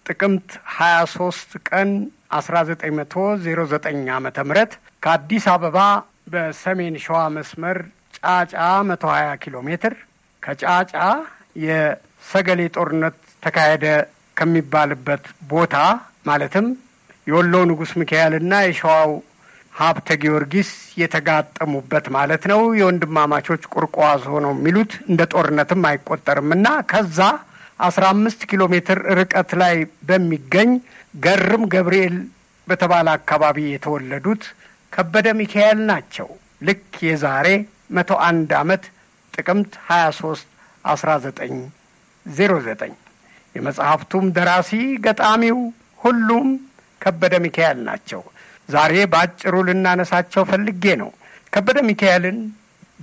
ጥቅምት 23 ቀን 1909 ዓ ም ከአዲስ አበባ በሰሜን ሸዋ መስመር ጫጫ 120 ኪሎ ሜትር ከጫጫ የሰገሌ ጦርነት ተካሄደ ከሚባልበት ቦታ ማለትም የወሎ ንጉሥ ሚካኤልና የሸዋው ሀብተ ጊዮርጊስ የተጋጠሙበት ማለት ነው። የወንድማማቾች ቁርቋዝ ሆነው የሚሉት እንደ ጦርነትም አይቆጠርም እና ከዛ አስራ አምስት ኪሎ ሜትር ርቀት ላይ በሚገኝ ገርም ገብርኤል በተባለ አካባቢ የተወለዱት ከበደ ሚካኤል ናቸው። ልክ የዛሬ መቶ አንድ ዓመት ጥቅምት ሀያ ሶስት አስራ ዘጠኝ ዜሮ ዘጠኝ የመጽሐፍቱም ደራሲ ገጣሚው፣ ሁሉም ከበደ ሚካኤል ናቸው። ዛሬ በአጭሩ ልናነሳቸው ፈልጌ ነው። ከበደ ሚካኤልን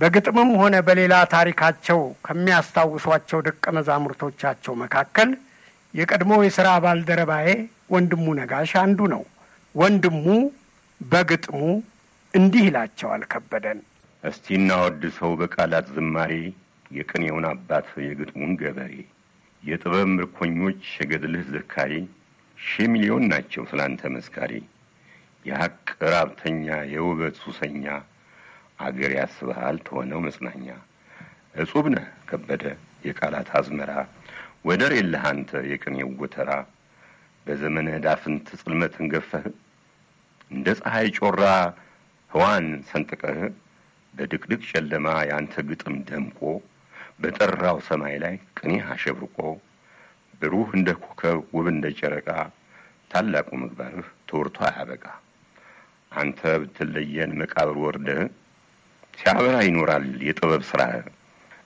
በግጥምም ሆነ በሌላ ታሪካቸው ከሚያስታውሷቸው ደቀ መዛሙርቶቻቸው መካከል የቀድሞ የሥራ ባልደረባዬ ወንድሙ ነጋሽ አንዱ ነው። ወንድሙ በግጥሙ እንዲህ ይላቸዋል ከበደን እስቲ እናወድሰው በቃላት ዝማሬ የቅኔውን አባት የግጥሙን ገበሬ የጥበብ ምርኮኞች የገድልህ ዘካሪ ሺህ ሚሊዮን ናቸው ስላንተ መስካሪ የሐቅ ራብተኛ የውበት ሱሰኛ አገር ያስበሃል ተሆነው መጽናኛ እጹብ ነህ ከበደ የቃላት አዝመራ ወደር የለህ አንተ የቅኔው ጎተራ በዘመነ ዳፍንት ጽልመትን ገፈህ እንደ ፀሐይ ጮራ ህዋን ሰንጥቀህ በድቅድቅ ጨለማ የአንተ ግጥም ደምቆ በጠራው ሰማይ ላይ ቅኔ አሸብርቆ ብሩህ እንደ ኮከብ ውብ እንደ ጨረቃ ታላቁ ምግባርህ ተወርቶ አያበቃ አንተ ብትለየን መቃብር ወርደህ ሲያበራ ይኖራል የጥበብ ሥራ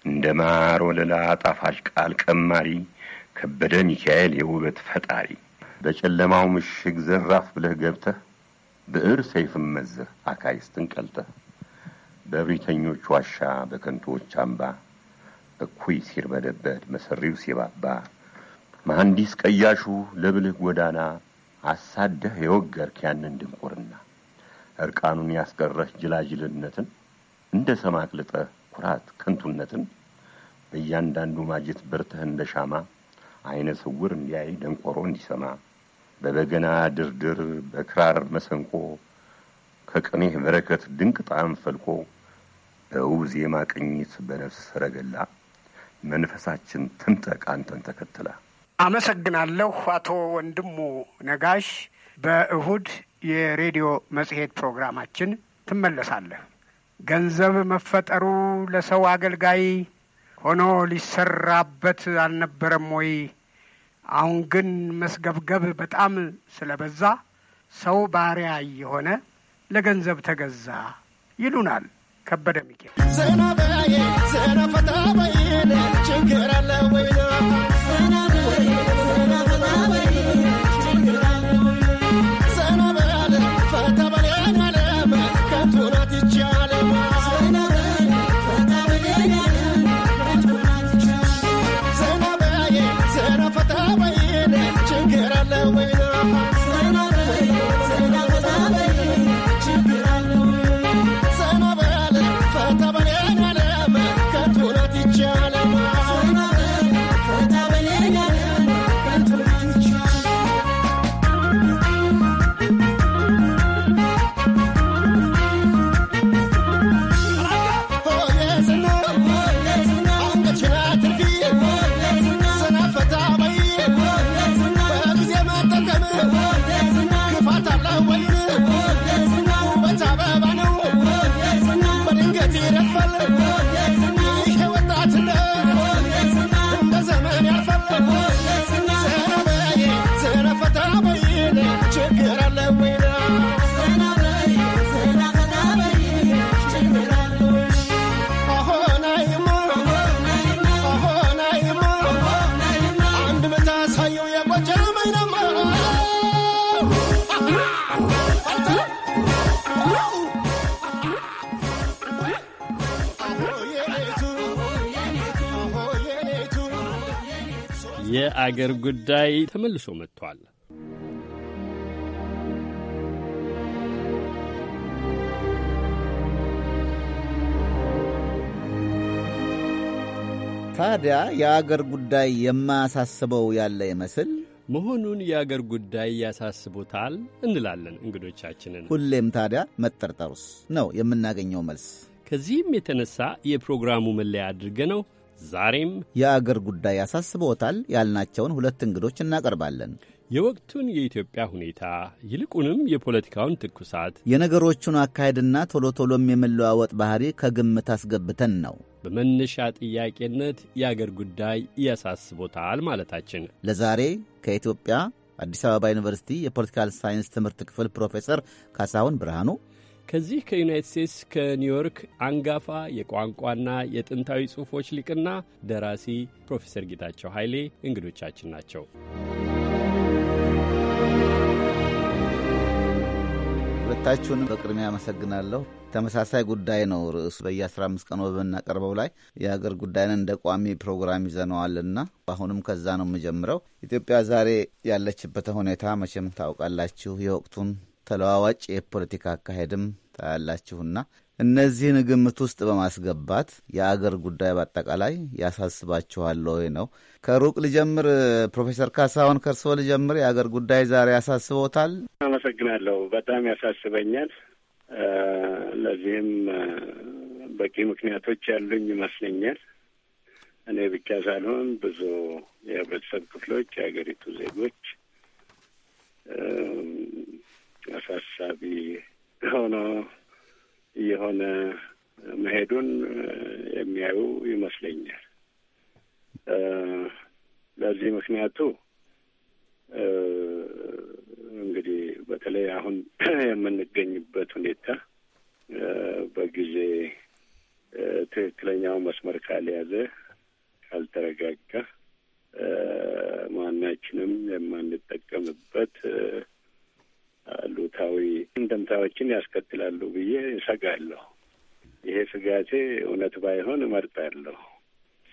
እንደ ማር ወለላ ጣፋጭ ቃል ቀማሪ ከበደ ሚካኤል የውበት ፈጣሪ በጨለማው ምሽግ ዘራፍ ብለህ ገብተህ ብዕር ሰይፍም መዝህ አካይስትን ቀልጠህ በእብሪተኞች ዋሻ በከንቶዎች አምባ እኩይ ሲርበደበድ መሰሪው ሲባባ መሐንዲስ ቀያሹ ለብልህ ጎዳና አሳደህ የወገርክ ያንን ድንቁርና እርቃኑን ያስቀረህ ጅላጅልነትን እንደ ሰማቅልጠ ኩራት ከንቱነትን በእያንዳንዱ ማጀት በርተህ እንደ ሻማ አይነ ስውር እንዲያይ ደንቆሮ እንዲሰማ በበገና ድርድር በክራር መሰንቆ ከቅኔህ በረከት ድንቅ ጣዕም ፈልቆ በውብ ዜማ ቅኝት በነፍስ ሰረገላ መንፈሳችን ትምጠቅ አንተን ተከትላ። አመሰግናለሁ አቶ ወንድሙ ነጋሽ። በእሁድ የሬዲዮ መጽሔት ፕሮግራማችን ትመለሳለህ። ገንዘብ መፈጠሩ ለሰው አገልጋይ ሆኖ ሊሰራበት አልነበረም ወይ? አሁን ግን መስገብገብ በጣም ስለበዛ ሰው ባሪያ እየሆነ ለገንዘብ ተገዛ ይሉናል። ከበደ ሚካኤል ችግር አለ ወይ አገር ጉዳይ ተመልሶ መጥቷል። ታዲያ የአገር ጉዳይ የማያሳስበው ያለ ይመስል መሆኑን የአገር ጉዳይ ያሳስቦታል እንላለን እንግዶቻችንን። ሁሌም ታዲያ መጠርጠሩስ ነው የምናገኘው መልስ። ከዚህም የተነሳ የፕሮግራሙ መለያ አድርገ ነው ዛሬም የአገር ጉዳይ ያሳስበዎታል ያልናቸውን ሁለት እንግዶች እናቀርባለን። የወቅቱን የኢትዮጵያ ሁኔታ ይልቁንም የፖለቲካውን ትኩሳት፣ የነገሮቹን አካሄድና ቶሎ ቶሎም የመለዋወጥ ባህሪ ከግምት አስገብተን ነው በመነሻ ጥያቄነት የአገር ጉዳይ ያሳስቦታል ማለታችን። ለዛሬ ከኢትዮጵያ አዲስ አበባ ዩኒቨርሲቲ የፖለቲካል ሳይንስ ትምህርት ክፍል ፕሮፌሰር ካሳሁን ብርሃኑ ከዚህ ከዩናይት ስቴትስ ከኒውዮርክ አንጋፋ የቋንቋና የጥንታዊ ጽሑፎች ሊቅና ደራሲ ፕሮፌሰር ጌታቸው ኃይሌ እንግዶቻችን ናቸው። ሁለታችሁን በቅድሚያ አመሰግናለሁ። ተመሳሳይ ጉዳይ ነው ርዕሱ። በየ15 ቀኑ በምናቀርበው ላይ የሀገር ጉዳይን እንደ ቋሚ ፕሮግራም ይዘነዋልና አሁንም ከዛ ነው የምጀምረው። ኢትዮጵያ ዛሬ ያለችበት ሁኔታ መቼም ታውቃላችሁ። የወቅቱን ተለዋዋጭ የፖለቲካ አካሄድም ታያላችሁና እነዚህን ግምት ውስጥ በማስገባት የአገር ጉዳይ በአጠቃላይ ያሳስባችኋል ወይ ነው? ከሩቅ ልጀምር። ፕሮፌሰር ካሳሁን ከእርስዎ ልጀምር። የአገር ጉዳይ ዛሬ ያሳስቦታል? አመሰግናለሁ። በጣም ያሳስበኛል። ለዚህም በቂ ምክንያቶች ያሉኝ ይመስለኛል። እኔ ብቻ ሳልሆን ብዙ የህብረተሰብ ክፍሎች የሀገሪቱ ዜጎች አሳሳቢ ሆኖ የሆነ መሄዱን የሚያዩ ይመስለኛል። ለዚህ ምክንያቱ እንግዲህ በተለይ አሁን የምንገኝበት ሁኔታ በጊዜ ትክክለኛው መስመር ካልያዘ፣ ካልተረጋጋ ማናችንም የማንጠቀምበት አሉታዊ እንደምታዎችን ያስከትላሉ ብዬ እሰጋለሁ። ይሄ ስጋቴ እውነት ባይሆን እመርጣለሁ።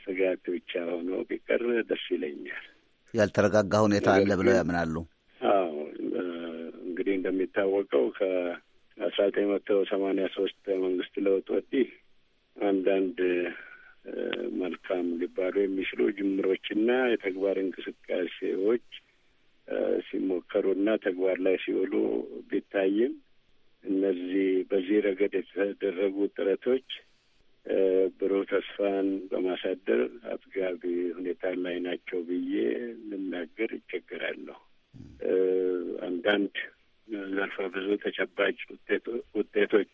ስጋት ብቻ ሆኖ ቢቀር ደስ ይለኛል። ያልተረጋጋ ሁኔታ አለ ብለው ያምናሉ? አዎ እንግዲህ እንደሚታወቀው ከአስራ ዘጠኝ መቶ ሰማንያ ሶስት መንግስት ለውጥ ወዲህ አንዳንድ መልካም ሊባሉ የሚችሉ ጅምሮችና የተግባር እንቅስቃሴዎች ሲሞከሩ እና ተግባር ላይ ሲውሉ ቢታይም እነዚህ በዚህ ረገድ የተደረጉ ጥረቶች ብሩህ ተስፋን በማሳደር አጥጋቢ ሁኔታ ላይ ናቸው ብዬ ልናገር ይቸግራለሁ። አንዳንድ ዘርፈ ብዙ ተጨባጭ ውጤቶች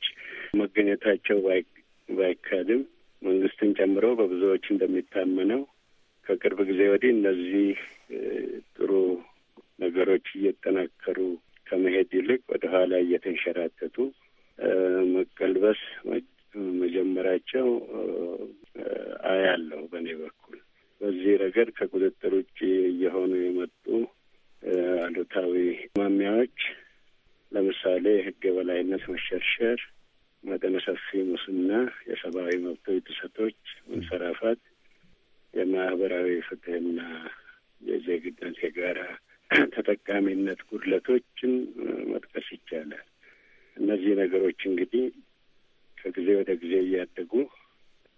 መገኘታቸው ባይካድም መንግስትን ጨምሮ በብዙዎች እንደሚታመነው ከቅርብ ጊዜ ወዲህ እነዚህ ጥሩ ነገሮች እየጠናከሩ ከመሄድ ይልቅ ወደ ኋላ እየተንሸራተቱ መቀልበስ መጀመራቸው አያለሁ። በእኔ በኩል በዚህ ረገድ ከቁጥጥር ውጭ እየሆኑ የመጡ አሉታዊ ማሚያዎች ለምሳሌ ሕግ የበላይነት መሸርሸር፣ መጠነ ሰፊ ሙስና፣ የሰብአዊ መብቶች ጥሰቶች መንሰራፋት፣ የማህበራዊ ፍትህና የዜግነት የጋራ ተጠቃሚነት ጉድለቶችን መጥቀስ ይቻላል። እነዚህ ነገሮች እንግዲህ ከጊዜ ወደ ጊዜ እያደጉ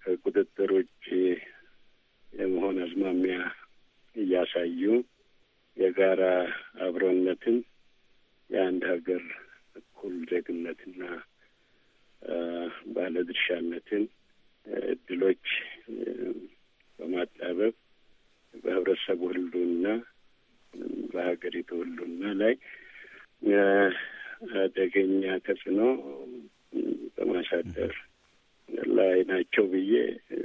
ከቁጥጥር ውጭ የመሆን አዝማሚያ እያሳዩ የጋራ አብሮነትን የአንድ ሀገር እኩል ዜግነትና ባለድርሻነትን እድሎች በማጣበብ በህብረተሰቡ ህልውና በሀገሪቱ ሁሉና ላይ አደገኛ ተጽዕኖ በማሳደር ላይ ናቸው ብዬ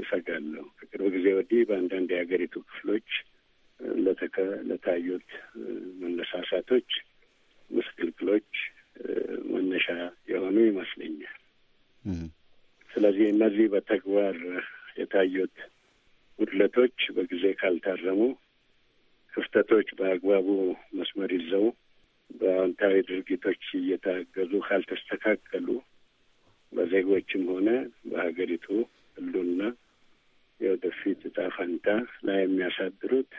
እሰጋለሁ። ከቅርብ ጊዜ ወዲህ በአንዳንድ የሀገሪቱ ክፍሎች ለታዩት መነሳሳቶች፣ ምስቅልቅሎች መነሻ የሆኑ ይመስለኛል። ስለዚህ እነዚህ በተግባር የታዩት ጉድለቶች በጊዜ ካልታረሙ ክፍተቶች በአግባቡ መስመር ይዘው በአዎንታዊ ድርጊቶች እየታገዙ ካልተስተካከሉ በዜጎችም ሆነ በሀገሪቱ ህሉና የወደፊት እጣ ፈንታ ላይ የሚያሳድሩት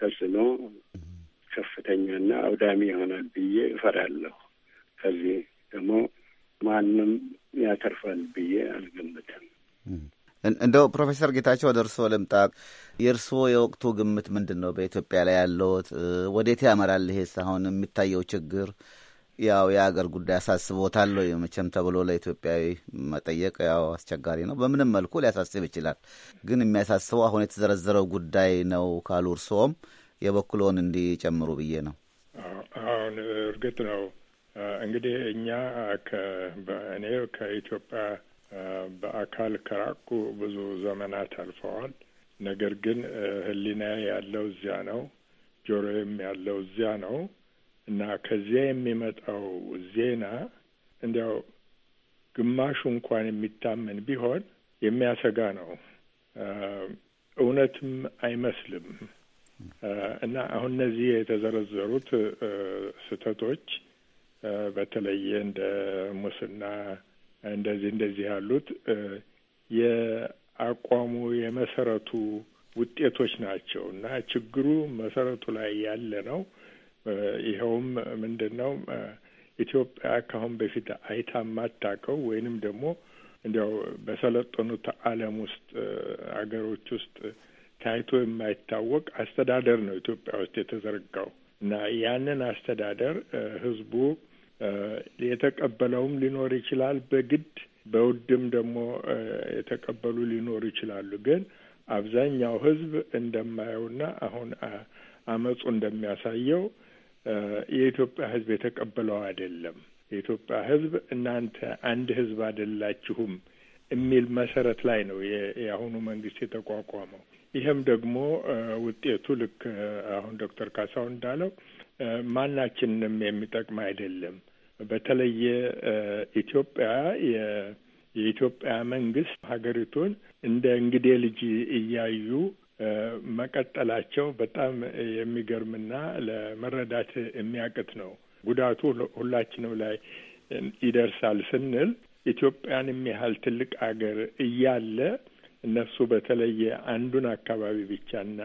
ተጽዕኖ ከፍተኛና አውዳሚ ይሆናል ብዬ እፈራለሁ። ከዚህ ደግሞ ማንም ያተርፋል ብዬ አልገምትም። እንደው ፕሮፌሰር ጌታቸው ወደ እርስዎ ልምጣ። የእርስዎ የወቅቱ ግምት ምንድን ነው? በኢትዮጵያ ላይ ያለዎት ወዴት ያመራል? ይሄስ አሁን የሚታየው ችግር ያው የአገር ጉዳይ አሳስቦታል ወይ? መቼም ተብሎ ለኢትዮጵያዊ መጠየቅ ያው አስቸጋሪ ነው። በምንም መልኩ ሊያሳስብ ይችላል። ግን የሚያሳስበው አሁን የተዘረዘረው ጉዳይ ነው ካሉ እርስዎም የበኩልዎን እንዲጨምሩ ብዬ ነው። አሁን እርግጥ ነው እንግዲህ እኛ እኔ ከኢትዮጵያ በአካል ከራቁ ብዙ ዘመናት አልፈዋል። ነገር ግን ህሊና ያለው እዚያ ነው፣ ጆሮዬም ያለው እዚያ ነው እና ከዚያ የሚመጣው ዜና እንዲያው ግማሹ እንኳን የሚታመን ቢሆን የሚያሰጋ ነው። እውነትም አይመስልም እና አሁን እነዚህ የተዘረዘሩት ስህተቶች በተለየ እንደ ሙስና እንደዚህ እንደዚህ ያሉት የአቋሙ የመሰረቱ ውጤቶች ናቸው እና ችግሩ መሰረቱ ላይ ያለ ነው። ይኸውም ምንድን ነው? ኢትዮጵያ ከአሁን በፊት አይታ የማታውቀው ወይንም ደግሞ እንዲያው በሰለጠኑት ዓለም ውስጥ አገሮች ውስጥ ታይቶ የማይታወቅ አስተዳደር ነው ኢትዮጵያ ውስጥ የተዘረጋው እና ያንን አስተዳደር ህዝቡ የተቀበለውም ሊኖር ይችላል። በግድ በውድም ደግሞ የተቀበሉ ሊኖሩ ይችላሉ። ግን አብዛኛው እንደማየው እንደማየውና አሁን አመፁ እንደሚያሳየው የኢትዮጵያ ህዝብ የተቀበለው አይደለም። የኢትዮጵያ ህዝብ እናንተ አንድ ህዝብ አይደላችሁም የሚል መሰረት ላይ ነው የአሁኑ መንግስት የተቋቋመው። ይህም ደግሞ ውጤቱ ልክ አሁን ዶክተር ካሳው እንዳለው ማናችንንም የሚጠቅም አይደለም። በተለየ ኢትዮጵያ የኢትዮጵያ መንግስት ሀገሪቱን እንደ እንግዴ ልጅ እያዩ መቀጠላቸው በጣም የሚገርምና ለመረዳት የሚያቅት ነው። ጉዳቱ ሁላችንም ላይ ይደርሳል ስንል ኢትዮጵያን የሚያህል ትልቅ አገር እያለ እነሱ በተለየ አንዱን አካባቢ ብቻና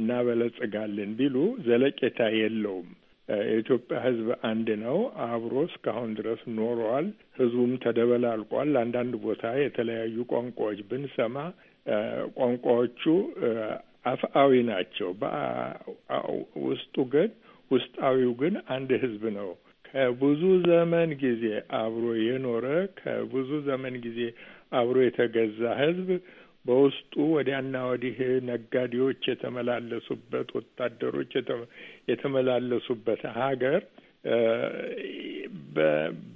እናበለጽጋለን ቢሉ ዘለቄታ የለውም። የኢትዮጵያ ሕዝብ አንድ ነው። አብሮ እስካሁን ድረስ ኖሯል። ሕዝቡም ተደበላልቋል። አንዳንድ ቦታ የተለያዩ ቋንቋዎች ብንሰማ ቋንቋዎቹ አፍአዊ ናቸው። በውስጡ ግን ውስጣዊው ግን አንድ ሕዝብ ነው። ከብዙ ዘመን ጊዜ አብሮ የኖረ ከብዙ ዘመን ጊዜ አብሮ የተገዛ ሕዝብ በውስጡ ወዲያና ወዲህ ነጋዴዎች የተመላለሱበት፣ ወታደሮች የተመላለሱበት ሀገር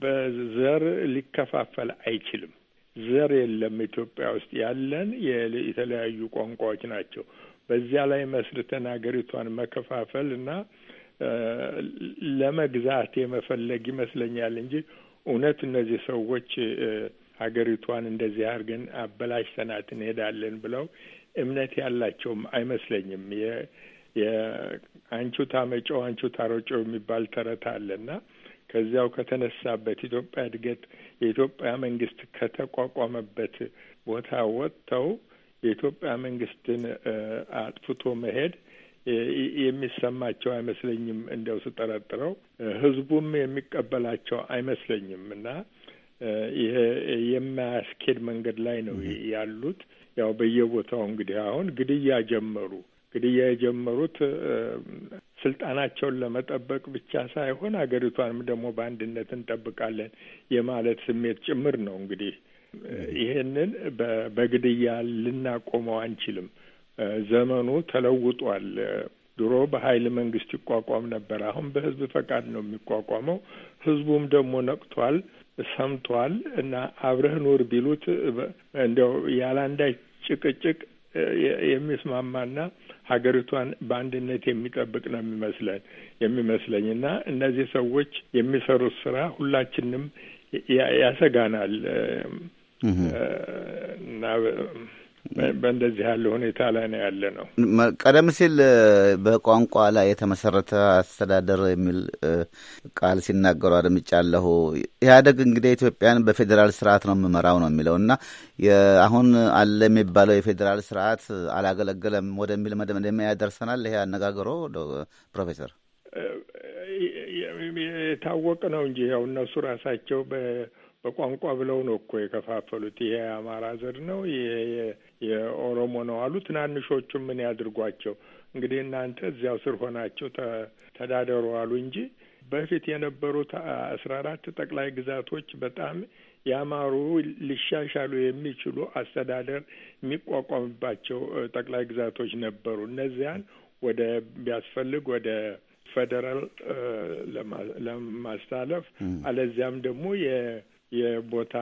በዘር ሊከፋፈል አይችልም። ዘር የለም። ኢትዮጵያ ውስጥ ያለን የተለያዩ ቋንቋዎች ናቸው። በዚያ ላይ መስርተን ሀገሪቷን መከፋፈል እና ለመግዛት የመፈለግ ይመስለኛል እንጂ እውነት እነዚህ ሰዎች ሀገሪቷን እንደዚህ አድርገን አበላሽተናት እንሄዳለን ብለው እምነት ያላቸውም አይመስለኝም። የአንቹ ታመጮ አንቹ ታሮጮ የሚባል ተረት አለና ከዚያው ከተነሳበት ኢትዮጵያ እድገት የኢትዮጵያ መንግስት ከተቋቋመበት ቦታ ወጥተው የኢትዮጵያ መንግስትን አጥፍቶ መሄድ የሚሰማቸው አይመስለኝም። እንደው ስጠረጥረው ህዝቡም የሚቀበላቸው አይመስለኝም እና ይሄ የማያስኬድ መንገድ ላይ ነው ያሉት። ያው በየቦታው እንግዲህ አሁን ግድያ ጀመሩ። ግድያ የጀመሩት ስልጣናቸውን ለመጠበቅ ብቻ ሳይሆን አገሪቷንም ደግሞ በአንድነት እንጠብቃለን የማለት ስሜት ጭምር ነው። እንግዲህ ይሄንን በግድያ ልናቆመው አንችልም። ዘመኑ ተለውጧል። ድሮ በኃይል መንግስት ይቋቋም ነበር። አሁን በህዝብ ፈቃድ ነው የሚቋቋመው። ህዝቡም ደግሞ ነቅቷል። ሰምቷል እና አብረህ ኖር ቢሉት እንዲያው ያለ ጭቅጭቅ የሚስማማና ሀገሪቷን በአንድነት የሚጠብቅ ነው የሚመስለን የሚመስለኝ እና እነዚህ ሰዎች የሚሰሩት ስራ ሁላችንም ያሰጋናል እና በእንደዚህ ያለ ሁኔታ ላይ ነው ያለ ነው። ቀደም ሲል በቋንቋ ላይ የተመሰረተ አስተዳደር የሚል ቃል ሲናገሩ አድምጫለሁ። ኢህአደግ እንግዲህ ኢትዮጵያን በፌዴራል ስርዓት ነው የምመራው ነው የሚለው እና አሁን አለ የሚባለው የፌዴራል ስርዓት አላገለገለም ወደሚል መደምደሚያ ያደርሰናል። ይሄ አነጋገሮ ፕሮፌሰር የታወቀ ነው እንጂ ያው እነሱ ራሳቸው በቋንቋ ብለው ነው እኮ የከፋፈሉት። ይሄ የአማራ ዘር ነው፣ ይሄ የኦሮሞ ነው አሉ። ትናንሾቹ ምን ያድርጓቸው እንግዲህ እናንተ እዚያው ስር ሆናቸው ተዳደሩ አሉ እንጂ በፊት የነበሩት አስራ አራት ጠቅላይ ግዛቶች በጣም ያማሩ ሊሻሻሉ የሚችሉ አስተዳደር የሚቋቋምባቸው ጠቅላይ ግዛቶች ነበሩ። እነዚያን ወደ ቢያስፈልግ ወደ ፌዴራል ለማስተላለፍ አለዚያም ደግሞ የቦታ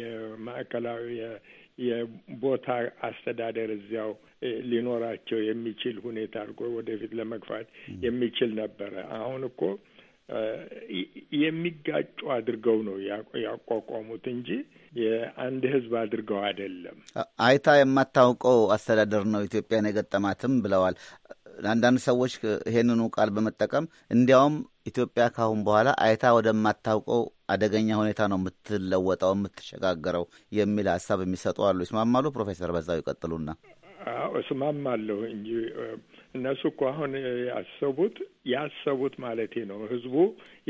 የማዕከላዊ የቦታ አስተዳደር እዚያው ሊኖራቸው የሚችል ሁኔታ አድርጎ ወደፊት ለመግፋት የሚችል ነበረ። አሁን እኮ የሚጋጩ አድርገው ነው ያቋቋሙት እንጂ የአንድ ህዝብ አድርገው አይደለም። አይታ የማታውቀው አስተዳደር ነው ኢትዮጵያን የገጠማትም ብለዋል አንዳንድ ሰዎች። ይሄንኑ ቃል በመጠቀም እንዲያውም ኢትዮጵያ ካሁን በኋላ አይታ ወደማታውቀው አደገኛ ሁኔታ ነው የምትለወጠው የምትሸጋገረው የሚል ሀሳብ የሚሰጡ አሉ። ይስማማሉ? ፕሮፌሰር በዛው ይቀጥሉና። አዎ እስማማለሁ እንጂ እነሱ እኮ አሁን ያሰቡት ያሰቡት ማለት ነው ህዝቡ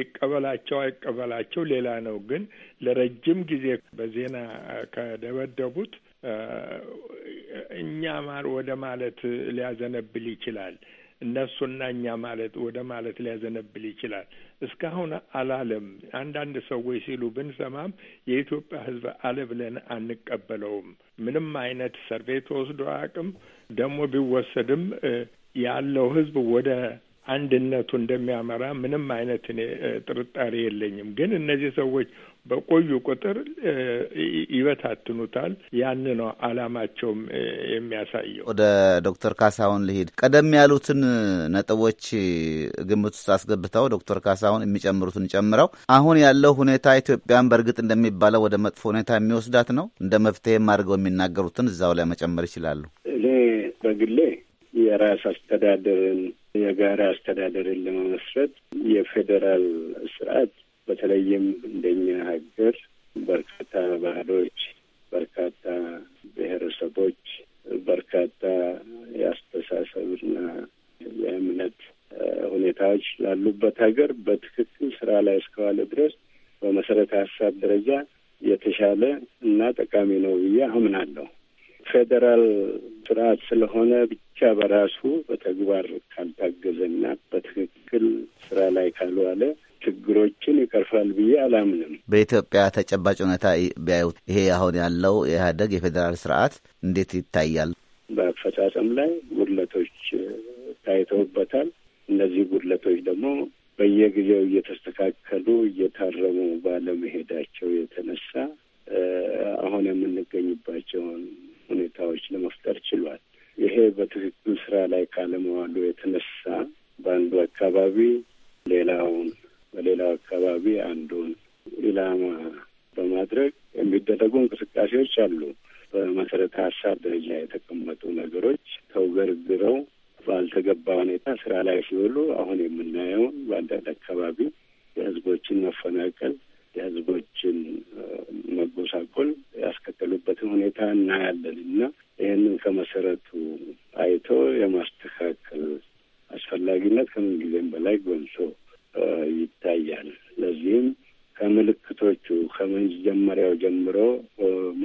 ይቀበላቸው አይቀበላቸው ሌላ ነው። ግን ለረጅም ጊዜ በዜና ከደበደቡት እኛ ማር ወደ ማለት ሊያዘነብል ይችላል። እነሱና እኛ ማለት ወደ ማለት ሊያዘነብል ይችላል። እስካሁን አላለም። አንዳንድ ሰዎች ሲሉ ብንሰማም የኢትዮጵያ ሕዝብ አለ ብለን አንቀበለውም። ምንም አይነት ሰርቬይ ተወስዶ አያውቅም። ደግሞ ቢወሰድም ያለው ሕዝብ ወደ አንድነቱ እንደሚያመራ ምንም አይነት እኔ ጥርጣሬ የለኝም። ግን እነዚህ ሰዎች በቆዩ ቁጥር ይበታትኑታል። ያን ነው አላማቸውም የሚያሳየው። ወደ ዶክተር ካሳሁን ልሂድ። ቀደም ያሉትን ነጥቦች ግምት ውስጥ አስገብተው ዶክተር ካሳሁን የሚጨምሩትን ጨምረው አሁን ያለው ሁኔታ ኢትዮጵያን በእርግጥ እንደሚባለው ወደ መጥፎ ሁኔታ የሚወስዳት ነው። እንደ መፍትሄም አድርገው የሚናገሩትን እዛው ላይ መጨመር ይችላሉ። እኔ በግሌ የራስ አስተዳደርን የጋራ አስተዳደርን ለመመስረት የፌዴራል ስርዓት በተለይም እንደኛ ሀገር በርካታ ባህሎች፣ በርካታ ብሔረሰቦች፣ በርካታ የአስተሳሰብና የእምነት ሁኔታዎች ላሉበት ሀገር በትክክል ስራ ላይ እስከዋለ ድረስ በመሰረተ ሀሳብ ደረጃ የተሻለ እና ጠቃሚ ነው ብዬ አምናለሁ። ፌዴራል ስርዓት ስለሆነ ብቻ በራሱ በተግባር ካልታገዘና በትክክል ስራ ላይ ካልዋለ ችግሮችን ይቀርፋል ብዬ አላምንም። በኢትዮጵያ ተጨባጭ ሁኔታ ቢያዩት ይሄ አሁን ያለው የኢህአደግ የፌዴራል ስርዓት እንዴት ይታያል? በአፈጻጸም ላይ ጉድለቶች ታይተውበታል። እነዚህ ጉድለቶች ደግሞ በየጊዜው እየተስተካከሉ እየታረሙ ባለመሄዳቸው የተነሳ አሁን የምንገኝባቸውን ሁኔታዎች ለመፍጠር ችሏል። ይሄ በትክክል ስራ ላይ ካለመዋሉ የተነሳ በአንዱ አካባቢ ሌላውን በሌላ አካባቢ አንዱን ኢላማ በማድረግ የሚደረጉ እንቅስቃሴዎች አሉ። በመሰረተ ሀሳብ ደረጃ የተቀመጡ ነገሮች ተውገርግረው ባልተገባ ሁኔታ ስራ ላይ ሲውሉ አሁን የምናየውን በአንዳንድ አካባቢ የህዝቦችን መፈናቀል፣ የህዝቦችን መጎሳቆል ያስከተሉበትን ሁኔታ እናያለን እና ይህንን ከመሰረቱ አይቶ የማስተካከል አስፈላጊነት ከምን ጊዜም በላይ ጎልቶ ይታያል። ለዚህም ከምልክቶቹ ከመጀመሪያው ጀምሮ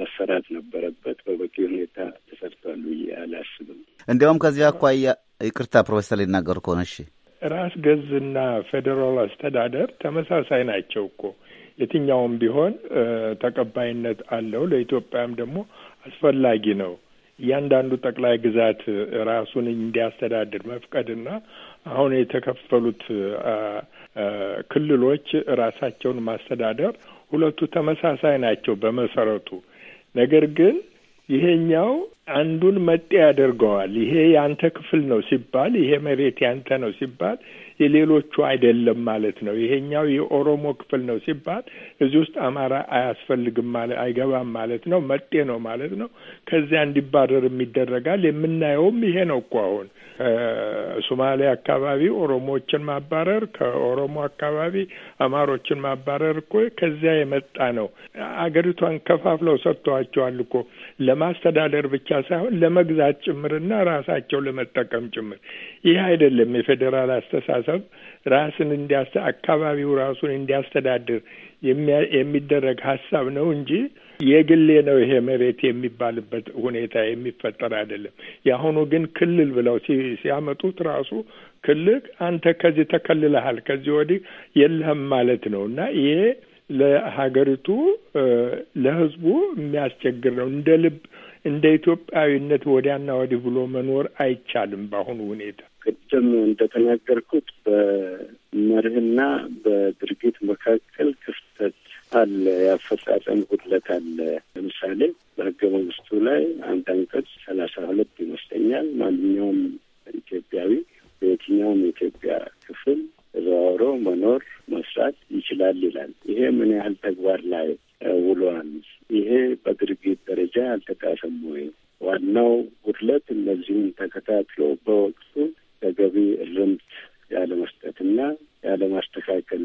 መሰራት ነበረበት። በበቂ ሁኔታ ተሰርቷል ብዬ አላስብም። እንዲያውም ከዚህ አኳያ ይቅርታ ፕሮፌሰር ሊናገሩ ከሆነ እሺ፣ ራስ ገዝና ፌዴራል አስተዳደር ተመሳሳይ ናቸው እኮ የትኛውም ቢሆን ተቀባይነት አለው። ለኢትዮጵያም ደግሞ አስፈላጊ ነው። እያንዳንዱ ጠቅላይ ግዛት ራሱን እንዲያስተዳድር መፍቀድና አሁን የተከፈሉት ክልሎች ራሳቸውን ማስተዳደር ሁለቱ ተመሳሳይ ናቸው በመሰረቱ። ነገር ግን ይሄኛው አንዱን መጤ ያደርገዋል። ይሄ ያንተ ክፍል ነው ሲባል፣ ይሄ መሬት ያንተ ነው ሲባል የሌሎቹ አይደለም ማለት ነው። ይሄኛው የኦሮሞ ክፍል ነው ሲባል እዚህ ውስጥ አማራ አያስፈልግም ማለት አይገባም ማለት ነው። መጤ ነው ማለት ነው። ከዚያ እንዲባረርም ይደረጋል። የምናየውም ይሄ ነው እኮ አሁን ሶማሌ አካባቢ ኦሮሞዎችን ማባረር፣ ከኦሮሞ አካባቢ አማሮችን ማባረር እኮ ከዚያ የመጣ ነው። አገሪቷን ከፋፍለው ሰጥተዋቸዋል እኮ ለማስተዳደር ብቻ ሳይሆን ለመግዛት ጭምርና ራሳቸው ለመጠቀም ጭምር። ይህ አይደለም የፌዴራል አስተሳሰብ ራስን እንዲያስ አካባቢው ራሱን እንዲያስተዳድር የሚደረግ ሀሳብ ነው እንጂ የግሌ ነው ይሄ መሬት የሚባልበት ሁኔታ የሚፈጠር አይደለም። የአሁኑ ግን ክልል ብለው ሲያመጡት ራሱ ክልል አንተ ከዚህ ተከልለሃል፣ ከዚህ ወዲህ የለህም ማለት ነው እና ይሄ ለሀገሪቱ ለህዝቡ የሚያስቸግር ነው። እንደ ልብ እንደ ኢትዮጵያዊነት ወዲያና ወዲህ ብሎ መኖር አይቻልም። በአሁኑ ሁኔታ ቅድም እንደተናገርኩት በመርህና በድርጊት መካከል ክፍተት አለ፣ የአፈጻጸም ጉድለት አለ። ለምሳሌ በህገ መንግስቱ ላይ አንድ አንቀጽ ሰላሳ ሁለት ይመስለኛል ማንኛውም ኢትዮጵያዊ በየትኛውም የኢትዮጵያ ክፍል ተዘዋውሮ መኖር መስራት ይችላል ይላል። ይሄ ምን ያህል ተግባር ላይ ውሏል። ይሄ በድርጊት ደረጃ አልተጣለም ወይ? ዋናው ጉድለት እነዚህም ተከታትሎ በወቅቱ ተገቢ እርምት ያለመስጠትና ያለማስተካከል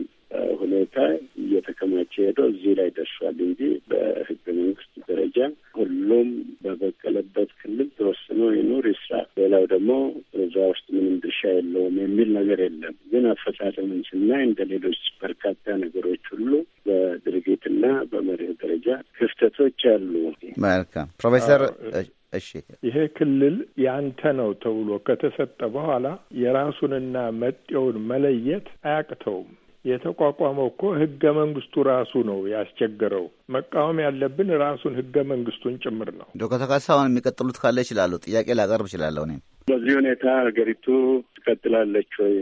ሁኔታ እየተከማቸ ሄዶ እዚህ ላይ ደርሷል እንጂ በህገ መንግስት ደረጃ ሁሉም በበቀለበት ክልል ተወስኖ ይኑር ይስራ፣ ሌላው ደግሞ እዛ ውስጥ ምንም ድርሻ የለውም የሚል ነገር የለም። ግን አፈጻጸምን ስናይ እንደ ሌሎች መልካም ፕሮፌሰር እሺ ይሄ ክልል ያንተ ነው ተብሎ ከተሰጠ በኋላ የራሱንና መጤውን መለየት አያቅተውም። የተቋቋመው እኮ ህገ መንግስቱ ራሱ ነው ያስቸገረው። መቃወም ያለብን ራሱን ህገ መንግስቱን ጭምር ነው። ዶክተር ካሳ የሚቀጥሉት ካለ ይችላሉ፣ ጥያቄ ላቀርብ እችላለሁ እኔም በዚህ ሁኔታ ሀገሪቱ ትቀጥላለች ወይ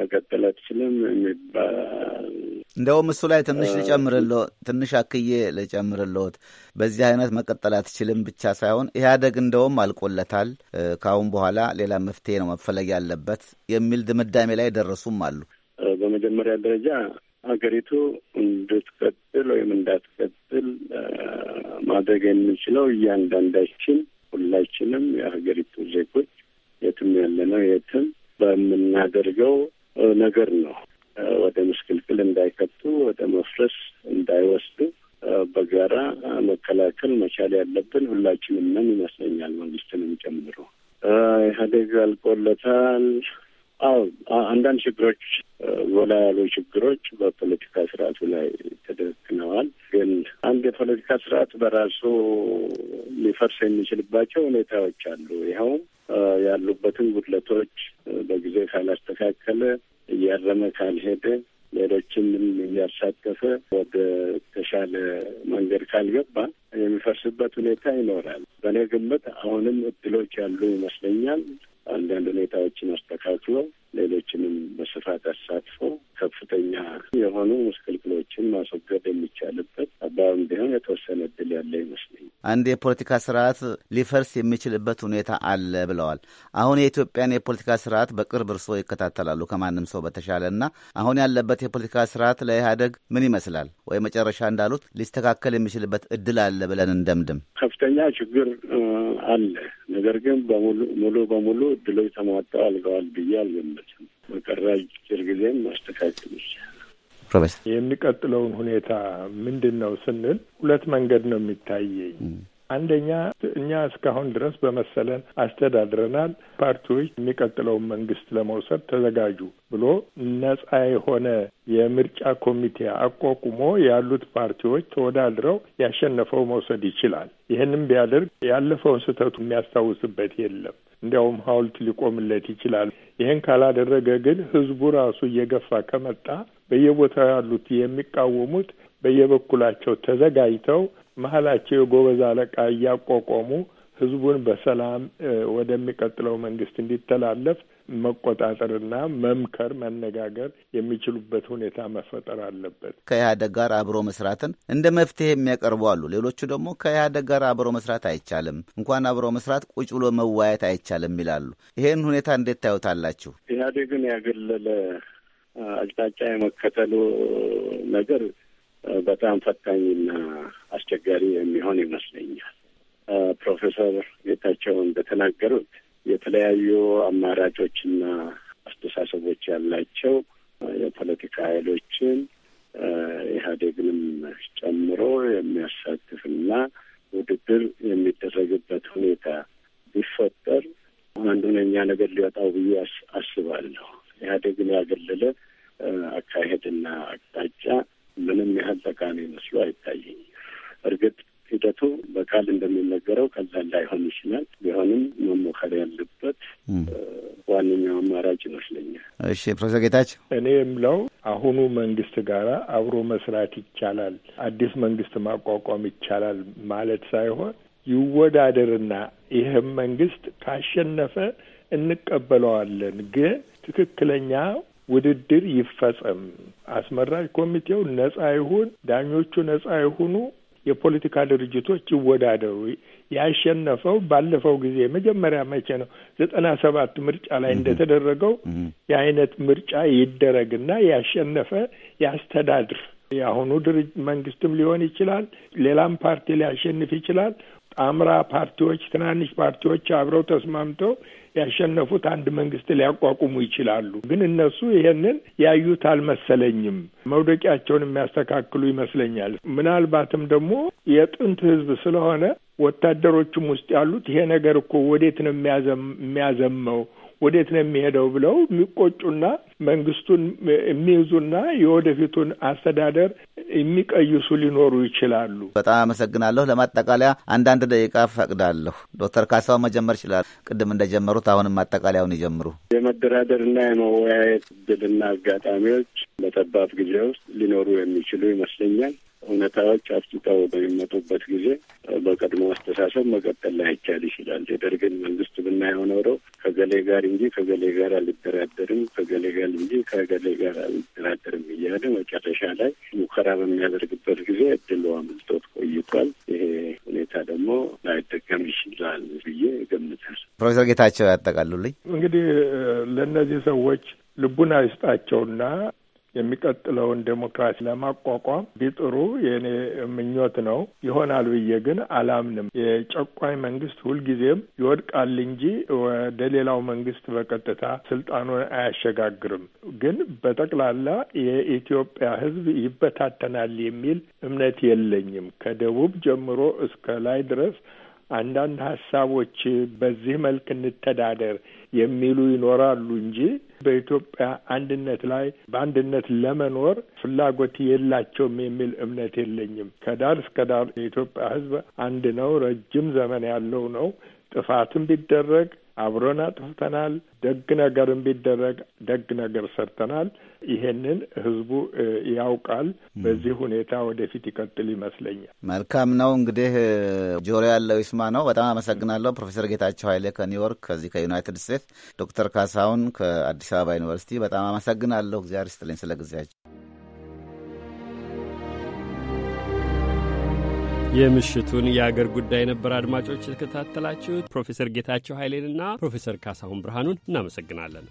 መቀጠል አትችልም የሚባል እንደውም እሱ ላይ ትንሽ ልጨምርልዎ ትንሽ አክዬ ልጨምርልዎት። በዚህ አይነት መቀጠል አትችልም ብቻ ሳይሆን ኢህአደግ እንደውም አልቆለታል፣ ከአሁን በኋላ ሌላ መፍትሄ ነው መፈለግ ያለበት የሚል ድምዳሜ ላይ ደረሱም አሉ። በመጀመሪያ ደረጃ ሀገሪቱ እንድትቀጥል ወይም እንዳትቀጥል ማድረግ የምንችለው እያንዳንዳችን ሁላችንም የሀገሪቱ ዜጎች የትም ያለ ነው የትም በምናደርገው ነገር ነው። ወደ ምስቅልቅል እንዳይከቱ፣ ወደ መፍረስ እንዳይወስዱ በጋራ መከላከል መቻል ያለብን ሁላችንም ነን ይመስለኛል፣ መንግስትንም ጨምሮ። ኢህአዴግ አልቆለታል። አዎ አንዳንድ ችግሮች ጎላ ያሉ ችግሮች በፖለቲካ ስርዓቱ ላይ ተደቅነዋል። ግን አንድ የፖለቲካ ስርዓት በራሱ ሊፈርስ የሚችልባቸው ሁኔታዎች አሉ። ይኸውም ያሉበትን ጉድለቶች በጊዜ ካላስተካከለ እያረመ ካልሄደ ሌሎችንም እያሳተፈ ወደ ተሻለ መንገድ ካልገባ የሚፈርስበት ሁኔታ ይኖራል። በእኔ ግምት አሁንም እድሎች ያሉ ይመስለኛል። አንዳንድ ሁኔታዎችን አስተካክሎ ሌሎችንም በስፋት አሳትፎ ከፍተኛ የሆኑ አንድ የፖለቲካ ስርዓት ሊፈርስ የሚችልበት ሁኔታ አለ ብለዋል። አሁን የኢትዮጵያን የፖለቲካ ስርዓት በቅርብ እርስዎ ይከታተላሉ ከማንም ሰው በተሻለ እና አሁን ያለበት የፖለቲካ ስርዓት ለኢህአደግ ምን ይመስላል? ወይ መጨረሻ እንዳሉት ሊስተካከል የሚችልበት እድል አለ ብለን እንደምድም። ከፍተኛ ችግር አለ። ነገር ግን ሙሉ በሙሉ እድሎች ተሟጠው አልገዋል ብዬ አልገመትም። በቀራ ጊዜም ማስተካከል ይቻላል። ፕሮፌሰር የሚቀጥለውን ሁኔታ ምንድን ነው ስንል ሁለት መንገድ ነው የሚታየኝ አንደኛ እኛ እስካሁን ድረስ በመሰለን አስተዳድረናል። ፓርቲዎች የሚቀጥለውን መንግስት ለመውሰድ ተዘጋጁ ብሎ ነጻ የሆነ የምርጫ ኮሚቴ አቋቁሞ ያሉት ፓርቲዎች ተወዳድረው ያሸነፈው መውሰድ ይችላል። ይህንም ቢያደርግ ያለፈውን ስህተቱ የሚያስታውስበት የለም። እንዲያውም ሐውልት ሊቆምለት ይችላል። ይህን ካላደረገ ግን ህዝቡ ራሱ እየገፋ ከመጣ በየቦታው ያሉት የሚቃወሙት በየበኩላቸው ተዘጋጅተው መሀላቸው የጎበዝ አለቃ እያቋቋሙ ህዝቡን በሰላም ወደሚቀጥለው መንግስት እንዲተላለፍ መቆጣጠርና መምከር፣ መነጋገር የሚችሉበት ሁኔታ መፈጠር አለበት። ከኢህአደግ ጋር አብሮ መስራትን እንደ መፍትሄ የሚያቀርቡ አሉ። ሌሎቹ ደግሞ ከኢህአደግ ጋር አብሮ መስራት አይቻልም፣ እንኳን አብሮ መስራት ቁጭ ብሎ መዋየት አይቻልም ይላሉ። ይሄን ሁኔታ እንዴት ታዩታላችሁ? ኢህአዴግን ያገለለ አቅጣጫ የመከተሉ ነገር በጣም ፈታኝና አስቸጋሪ የሚሆን ይመስለኛል። ፕሮፌሰር ጌታቸው እንደተናገሩት የተለያዩ አማራጮችና አስተሳሰቦች ያላቸው የፖለቲካ ኃይሎችን ኢህአዴግንም ጨምሮ የሚያሳትፍና ውድድር የሚደረግበት ሁኔታ ቢፈጠር አንዱን ነገር ሊወጣው እሺ ፕሮፌሰር ጌታቸው እኔ የምለው አሁኑ መንግስት ጋር አብሮ መስራት ይቻላል፣ አዲስ መንግስት ማቋቋም ይቻላል ማለት ሳይሆን ይወዳደርና ይህም መንግስት ካሸነፈ እንቀበለዋለን፣ ግን ትክክለኛ ውድድር ይፈጸም፣ አስመራጭ ኮሚቴው ነጻ ይሁን፣ ዳኞቹ ነጻ ይሁኑ፣ የፖለቲካ ድርጅቶች ይወዳደሩ። ያሸነፈው ባለፈው ጊዜ መጀመሪያ መቼ ነው ዘጠና ሰባት ምርጫ ላይ እንደተደረገው የአይነት ምርጫ ይደረግና ያሸነፈ ያስተዳድር። የአሁኑ ድርጅ መንግስትም ሊሆን ይችላል፣ ሌላም ፓርቲ ሊያሸንፍ ይችላል። ጣምራ ፓርቲዎች፣ ትናንሽ ፓርቲዎች አብረው ተስማምተው ያሸነፉት አንድ መንግስት ሊያቋቁሙ ይችላሉ። ግን እነሱ ይሄንን ያዩት አልመሰለኝም። መውደቂያቸውን የሚያስተካክሉ ይመስለኛል። ምናልባትም ደግሞ የጥንት ህዝብ ስለሆነ ወታደሮቹም ውስጥ ያሉት ይሄ ነገር እኮ ወዴት ነው የሚያዘመው ወዴት ነው የሚሄደው ብለው የሚቆጩና መንግስቱን የሚይዙና የወደፊቱን አስተዳደር የሚቀይሱ ሊኖሩ ይችላሉ። በጣም አመሰግናለሁ። ለማጠቃለያ አንዳንድ ደቂቃ ፈቅዳለሁ። ዶክተር ካሳው መጀመር ይችላል። ቅድም እንደጀመሩት አሁንም ማጠቃለያውን ይጀምሩ። የመደራደርና የመወያየት እድልና አጋጣሚዎች በጠባብ ጊዜ ውስጥ ሊኖሩ የሚችሉ ይመስለኛል። እውነታዎች አፍጥጠው በሚመጡበት ጊዜ በቀድሞ አስተሳሰብ መቀጠል ላይቻል ይችላል። የደርግን መንግስት ብናየው ኖሮ ከገሌ ጋር እንጂ ከገሌ ጋር አልደራደርም፣ ከገሌ ጋር እንጂ ከገሌ ጋር አልደራደርም እያለ መጨረሻ ላይ ሙከራ በሚያደርግበት ጊዜ እድሉ አምልጦት ቆይቷል። ይሄ ሁኔታ ደግሞ ላይጠቀም ይችላል ብዬ እገምታለሁ። ፕሮፌሰር ጌታቸው ያጠቃሉልኝ። እንግዲህ ለእነዚህ ሰዎች ልቡን አይስጣቸውና የሚቀጥለውን ዴሞክራሲ ለማቋቋም ቢጥሩ የእኔ ምኞት ነው። ይሆናል ብዬ ግን አላምንም። የጨቋኝ መንግስት ሁልጊዜም ይወድቃል እንጂ ወደ ሌላው መንግስት በቀጥታ ስልጣኑን አያሸጋግርም። ግን በጠቅላላ የኢትዮጵያ ሕዝብ ይበታተናል የሚል እምነት የለኝም። ከደቡብ ጀምሮ እስከ ላይ ድረስ አንዳንድ ሀሳቦች በዚህ መልክ እንተዳደር የሚሉ ይኖራሉ እንጂ በኢትዮጵያ አንድነት ላይ በአንድነት ለመኖር ፍላጎት የላቸውም የሚል እምነት የለኝም። ከዳር እስከ ዳር የኢትዮጵያ ሕዝብ አንድ ነው። ረጅም ዘመን ያለው ነው። ጥፋትም ቢደረግ አብሮን አጥፍተናል። ደግ ነገርም ቢደረግ ደግ ነገር ሰርተናል። ይሄንን ህዝቡ ያውቃል። በዚህ ሁኔታ ወደፊት ይቀጥል ይመስለኛል። መልካም ነው። እንግዲህ ጆሮ ያለው ይስማ ነው። በጣም አመሰግናለሁ ፕሮፌሰር ጌታቸው ኃይሌ ከኒውዮርክ ከዚህ ከዩናይትድ ስቴትስ፣ ዶክተር ካሳሁን ከአዲስ አበባ ዩኒቨርሲቲ በጣም አመሰግናለሁ። እግዚአብሔር ይስጥልኝ ስለ ጊዜያቸው። የምሽቱን የአገር ጉዳይ ነበር አድማጮች የተከታተላችሁት። ፕሮፌሰር ጌታቸው ኃይሌንና ፕሮፌሰር ካሳሁን ብርሃኑን እናመሰግናለን።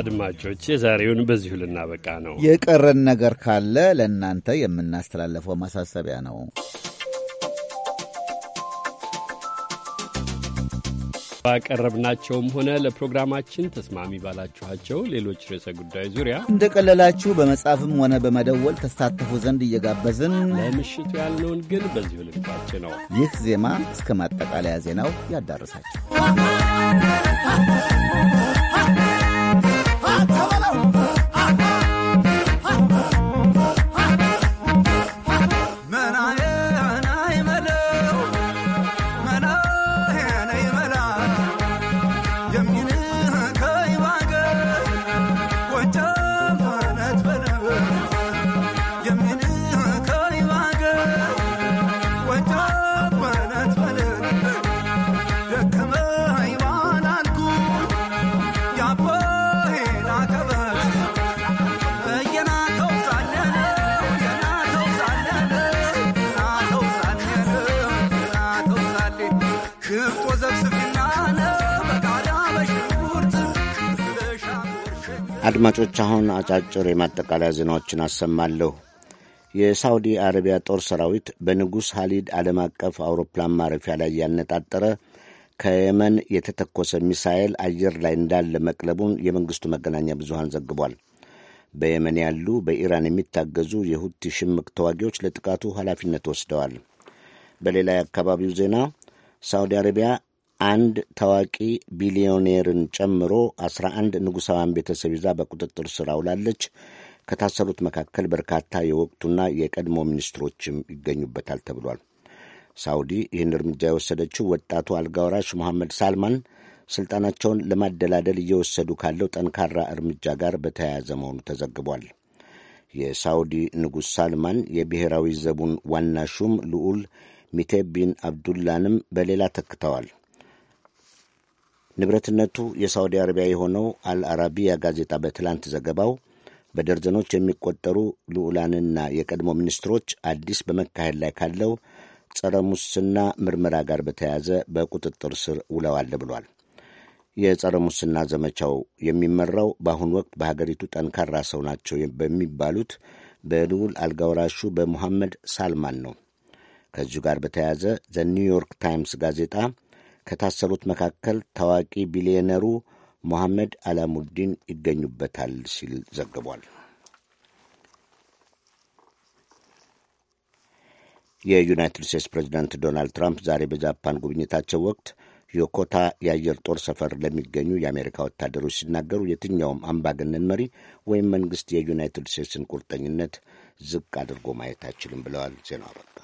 አድማጮች የዛሬውን በዚሁ ልናበቃ ነው። የቀረን ነገር ካለ ለእናንተ የምናስተላለፈው ማሳሰቢያ ነው። ባቀረብናቸውም ሆነ ለፕሮግራማችን ተስማሚ ባላችኋቸው ሌሎች ርዕሰ ጉዳዮች ዙሪያ እንደቀለላችሁ በመጻፍም ሆነ በመደወል ተሳተፉ ዘንድ እየጋበዝን ለምሽቱ ያልነውን ግን በዚሁ ልንቋጭ ነው። ይህ ዜማ እስከ ማጠቃለያ ዜናው ያዳርሳችሁ። አድማጮች፣ አሁን አጫጭር የማጠቃለያ ዜናዎችን አሰማለሁ። የሳውዲ አረቢያ ጦር ሰራዊት በንጉሥ ሐሊድ ዓለም አቀፍ አውሮፕላን ማረፊያ ላይ ያነጣጠረ ከየመን የተተኮሰ ሚሳኤል አየር ላይ እንዳለ መቅለቡን የመንግሥቱ መገናኛ ብዙሃን ዘግቧል። በየመን ያሉ በኢራን የሚታገዙ የሁቲ ሽምቅ ተዋጊዎች ለጥቃቱ ኃላፊነት ወስደዋል። በሌላ የአካባቢው ዜና ሳውዲ አረቢያ አንድ ታዋቂ ቢሊዮኔርን ጨምሮ አስራ አንድ ንጉሳውያን ቤተሰብ ይዛ በቁጥጥር ስር አውላለች። ከታሰሩት መካከል በርካታ የወቅቱና የቀድሞ ሚኒስትሮችም ይገኙበታል ተብሏል። ሳውዲ ይህን እርምጃ የወሰደችው ወጣቱ አልጋውራሽ መሐመድ ሳልማን ስልጣናቸውን ለማደላደል እየወሰዱ ካለው ጠንካራ እርምጃ ጋር በተያያዘ መሆኑ ተዘግቧል። የሳውዲ ንጉሥ ሳልማን የብሔራዊ ዘቡን ዋና ሹም ልዑል ሚቴ ቢን አብዱላንም በሌላ ተክተዋል። ንብረትነቱ የሳውዲ አረቢያ የሆነው አልአራቢያ ጋዜጣ በትላንት ዘገባው በደርዘኖች የሚቆጠሩ ልዑላንና የቀድሞ ሚኒስትሮች አዲስ በመካሄድ ላይ ካለው ጸረ ሙስና ምርመራ ጋር በተያያዘ በቁጥጥር ስር ውለዋል ብሏል። የጸረ ሙስና ዘመቻው የሚመራው በአሁኑ ወቅት በሀገሪቱ ጠንካራ ሰው ናቸው በሚባሉት በልዑል አልጋውራሹ በሙሐመድ ሳልማን ነው። ከዚሁ ጋር በተያያዘ ዘ ኒውዮርክ ታይምስ ጋዜጣ ከታሰሩት መካከል ታዋቂ ቢሊዮነሩ ሞሐመድ አላሙዲን ይገኙበታል ሲል ዘግቧል። የዩናይትድ ስቴትስ ፕሬዚዳንት ዶናልድ ትራምፕ ዛሬ በጃፓን ጉብኝታቸው ወቅት ዮኮታ የአየር ጦር ሰፈር ለሚገኙ የአሜሪካ ወታደሮች ሲናገሩ የትኛውም አምባገነን መሪ ወይም መንግሥት የዩናይትድ ስቴትስን ቁርጠኝነት ዝቅ አድርጎ ማየት አይችልም ብለዋል። ዜናው አበቃ።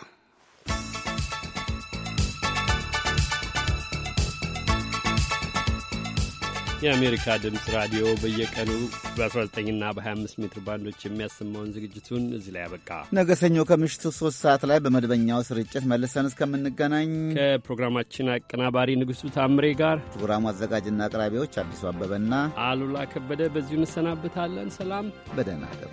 የአሜሪካ ድምፅ ራዲዮ በየቀኑ በ19ና በ25 ሜትር ባንዶች የሚያሰማውን ዝግጅቱን እዚህ ላይ ያበቃ። ነገ ሰኞ ከምሽቱ ሶስት ሰዓት ላይ በመደበኛው ስርጭት መልሰን እስከምንገናኝ ከፕሮግራማችን አቀናባሪ ንጉሡ ታምሬ ጋር ፕሮግራሙ አዘጋጅና አቅራቢዎች አዲሱ አበበና አሉላ ከበደ በዚሁ እንሰናብታለን። ሰላም፣ በደህና እደሩ።